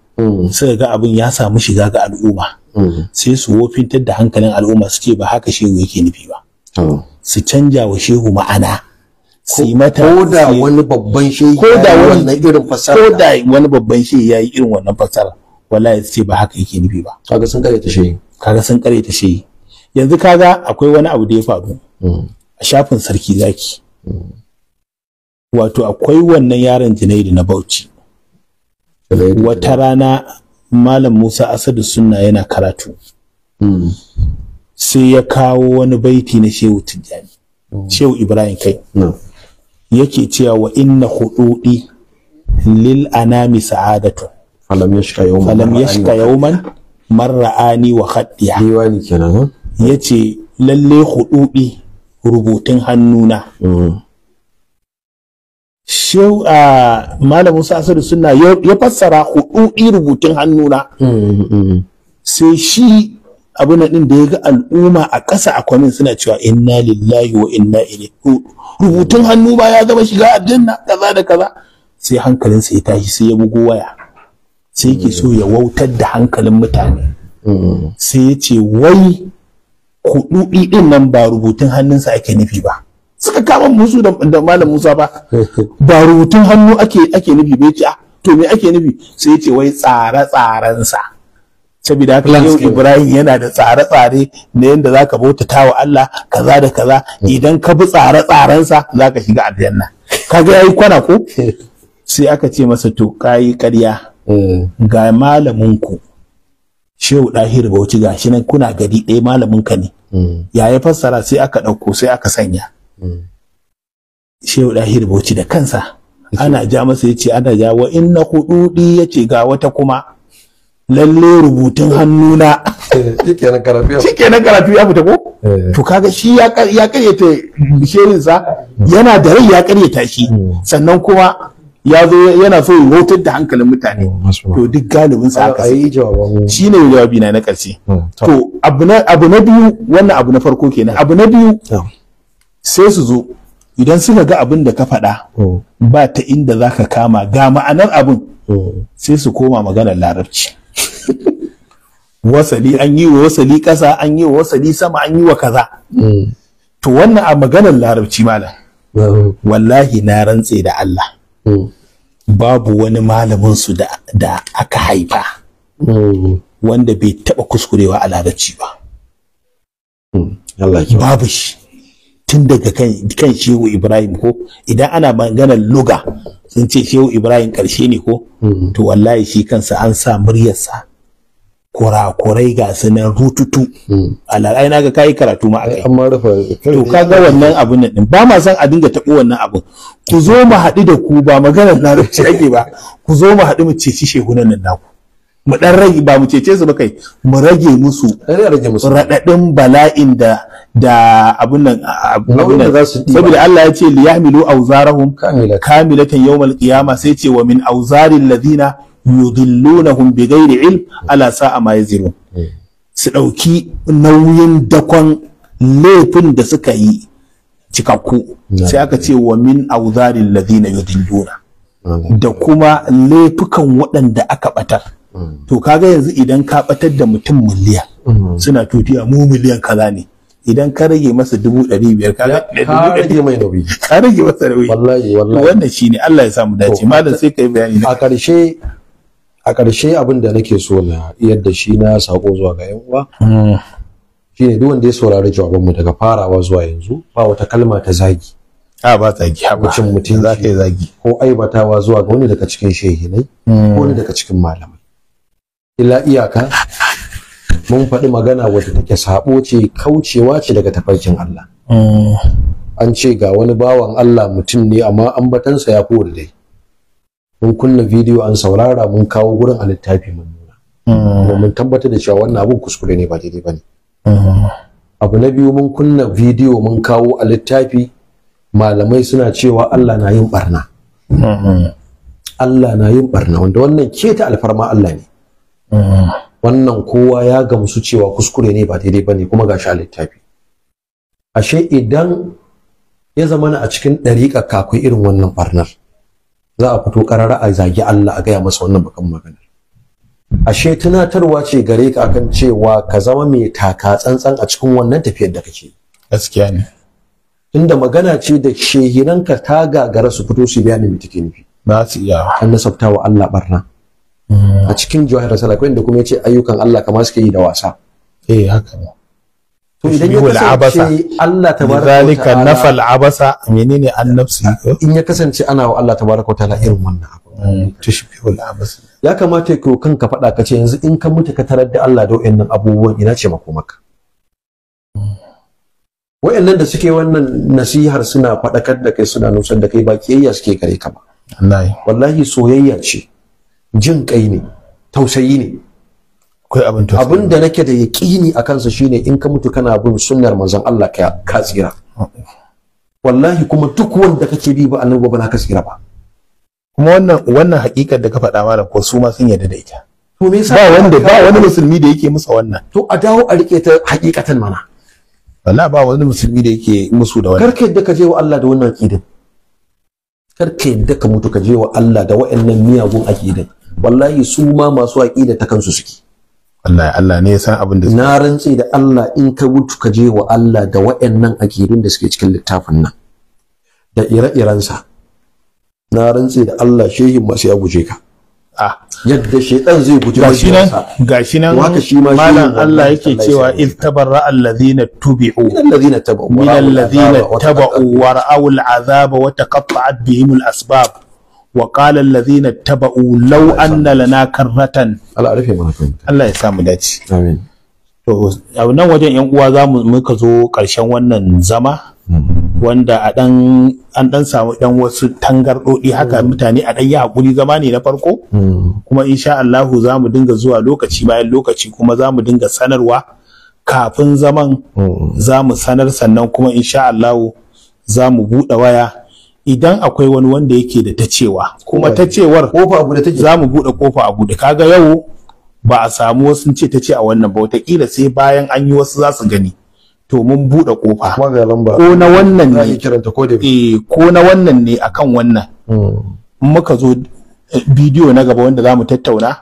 suka ga abin ya samu shiga ga al'umma sai su wofintar da hankalin al'umma su ce ba haka shehu yake nufi ba oh. su canja wa shehu ma'ana si mata ko da wani babban shehi ko da wannan irin fasara ko da wani babban shehi yayi irin wannan fasara wallahi sai ba haka yake nufi ba kaga sun kare ta shehi kaga sun kare ta shehi yanzu kaga akwai wani abu da ya faru mm. a shafin sarki zaki mm. wato akwai wannan yaron Junaidu na Bauchi wata rana Malam Musa Asadu Sunna yana karatu mm. sai ya kawo wani baiti na Shehu Tijjani Shehu Ibrahim kai yake cewa wa inna hududi lil anami sa'adatu falam yashqa yawman falam yashqa yawman marra'ani wa khaddiya diwani kenan yace lalle hududi rubutun hannuna mm. shau a Malam Musa Asadu suna ya fassara hududi rubutun hannuna mm, mm, sai shi na din da ya ga al'umma a ƙasa a kwamin suna cewa inna lillahi wa inna ilaihi rubutun hannu ba ya gaba shiga aljanna kaza da kaza sai hankalinsa ya tashi sai ya bugo waya sai yake so ya wautar da hankalin mutane sai ya ce wai kuɗuɗi ɗin nan ba rubutun hannunsa ake nufi ba suka kama musu da malam Musa ba ba rubutun hannu ake ake nufi ba yace ah, to me ake nufi sai ya ce wai tsare tsarensa saboda haka yau Ibrahim yana da tsare-tsare na yadda zaka bautata wa Allah kaza da kaza idan ka bi tsare-tsarensa zaka shiga aljanna kaga yayi kwana ko sai aka ce masa to kayi karya. Eh. ga malamin Shehu Dahir Bauchi gashi nan kuna gari ɗaya malamin ka ne hmm. ya ya fassara sai aka ɗauko sai aka sanya hmm. Shehu Dahir Bauchi da kansa ana ja masa yace ana ja wa inna ya yace ga wata kuma lalle rubutun hannuna na karatu ya fita ko eh. to kaga shi ya karyata sa yana da rai ya karyata shi mm. sannan kuma ya zo yana so ya hotar da hankalin mutane mm, to duk galibin sa aka shi ne jawabi na na karshe mm, to abu na biyu wannan abu na farko kenan abu na biyu sai su zo idan suka ga abin da ka faɗa ba ta inda za ka kama ga ma'anar abin sai su koma maganar larabci wasali an yi wa wasali ƙasa an yi wa wasali sama an yi wa kaza hmm. to wannan a maganar larabci malam wallahi na rantse da Allah hmm. babu wani malamin su da aka haifa hmm. wanda bai taba kuskurewa a larabci ba babu shi tun daga kan shehu ibrahim ko idan ana maganar luga sun ce shehu ibrahim karshe ne ko to wallahi shi kansa an sa muryarsa kurakurai ga su nan rututu hmm. lalai na ga kayi karatu ma akai amma rufa to kaga wannan abun nan ba ma san a dinga tabo wannan abun ku zo mu haɗu da ku ba maganar na rufe ake ba ku zo mu haɗu mu ceci shehunan nan naku mu dan rage ba mu cece su ba kai mu rage musu raɗaɗin bala'in da da abun nan abun nan saboda Allah ya ce yahmilu awzarahum kamilatan yawmal qiyamah sai ce wa min auzarin ladina yudhillunahum bighairi ilm ala sa'a ma yazirun su ɗauki nauyin dakon laifin da suka yi cikakku sai aka ce wa min auzarin ladina yudilluna da kuma laifukan waɗanda aka ɓatar to kaga yanzu idan ka ɓatar da mutum miliyan suna tutiya mu miliyan kaza ne idan ka rage masa dubu ɗari biyar ka rage mai nauyi ka rage masa nauyi wallahi wallahi wannan shine Allah ya samu dace malam sai kai bayani a ƙarshe a ƙarshe abin da nake so na yadda shi na sako zuwa ga yan uwa hmm. shine duk wanda ya saurari mu daga farawa zuwa yanzu ba wata kalma ta zagi a ba zagi a mutum mutum za ka yi zagi ko aibatawa zuwa ga wani daga cikin shehinai ko wani daga cikin malamai illa iyaka mun faɗi magana wadda take saɓo ce kaucewa ce daga tafarkin Allah hmm. an ce ga wani bawan Allah mutum ne amma ambatansa ya kowar dai mun kunna bidiyo an saurara mun kawo gurin a littafi mun nuna mm. mun tabbatar da cewa wannan abun kuskure ne ba daidai bane mm. abu na biyu mun kunna bidiyo mun kawo a littafi malamai suna cewa Allah na yin barna mm. Allah na yin barna wanda wannan keta alfarma Allah ne wannan kowa ya gamsu cewa kuskure ne ba daidai bane kuma gashi a littafi ashe idan ya zamana a cikin ɗariƙa kakwai irin wannan barnar za a fito karara a zagi Allah a gaya masa wannan bakan magana ashe tunatarwa ce gare ka akan cewa ka zama mai taka tsantsan a cikin wannan tafiyar da kake gaskiya ne tunda magana ce da ka ta gagara su fito su biya ni take nufi ba su iya an nasabta wa Allah barna mm. a cikin jawahir salakwain da kuma yace ayyukan Allah kamar suke yi da wasa eh haka ne to idan ya kasance Allah tabaraka wa nafal abasa menene in ya kasance ana wa Allah tabaraka wa irin wannan abu mm, tushbihul abasa ya kamata ko kanka faɗa kace, ce yanzu in ka mutu ka tarar da Allah da wayannan abubuwan ina ce makomaka wayannan da suke wannan nasihar suna faɗakar da kai suna nusar da kai ba kiyayya suke gare ka ba wallahi soyayya ce jin kai ne tausayi ne abin da nake da yaƙini a kansa shine in ka mutu kana bin sunnar manzon Allah ka tsira wallahi kuma duk wanda kake bi ba annabi ba ka tsira ba kuma wannan wannan hakikar da ka faɗa malam ko su ma sun yarda da ita to me yasa ba wanda ba wani musulmi da yake musa wannan to a dawo a rike ta hakikatan mana wallahi ba wani musulmi da yake musu da wannan karka yadda ka je wa Allah da wannan aqidin karka yadda ka mutu ka je wa Allah da wa'annan miyagun aqidin wallahi su ma masu aqida ta kansu suke Allah Allah ne ya san abin da na rantse da Allah in ka mutu ka je wa Allah da wa'annan akirin da suke cikin littafin nan da ire sa na rantse da Allah shehin masu ya guje ka ah. yadda shaitan zai guji gashi nan gashi nan malam Allah yake cewa iz tabarra alladhina tubi'u min alladhina taba'u wa ra'aw al'azaba wa taqatta'at bihim asbab! wa na allazina taba'u law anna lana karratan Allah ya samu to a nan wajen yan uwa za mu muka zo ƙarshen wannan zama hmm. wanda a dan an dan samu dan wasu tangardodi haka hmm. mutane a dan yi hakuri zama ne na farko hmm. kuma insha Allah za mu dinga zuwa lokaci bayan lokaci kuma za mu dinga sanarwa kafin zaman za mu sanar sannan kuma insha Allah za mu buɗe waya idan akwai wani wanda yake da ta cewa kuma ta cewar za mu buɗe kofa a buɗe kaga yau ba a samu wasu ce ta ce a wannan ba wataƙila sai bayan an yi wasu za su gani to mun buɗe kofa ko na wannan ne eh, ko na wannan akan wannan hmm. muka zo eh, bidiyo na gaba wanda za mu tattauna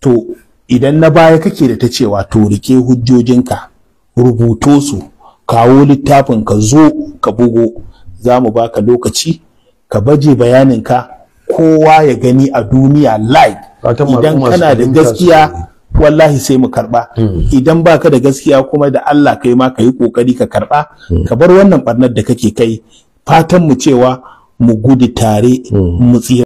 to idan na baya kake da ta cewa to rike hujjojinka rubuto su kawo littafin ka zo ka bugo za mu baka lokaci ka baje bayaninka kowa ya gani a duniya live idan kana da gaskiya wallahi sai mu karba hmm. idan baka da gaskiya kuma da Allah kai ma ka yi kokari ka karba hmm. ka bar wannan barnar da kake kai fatan mu cewa mu gudu tare hmm. mu tsira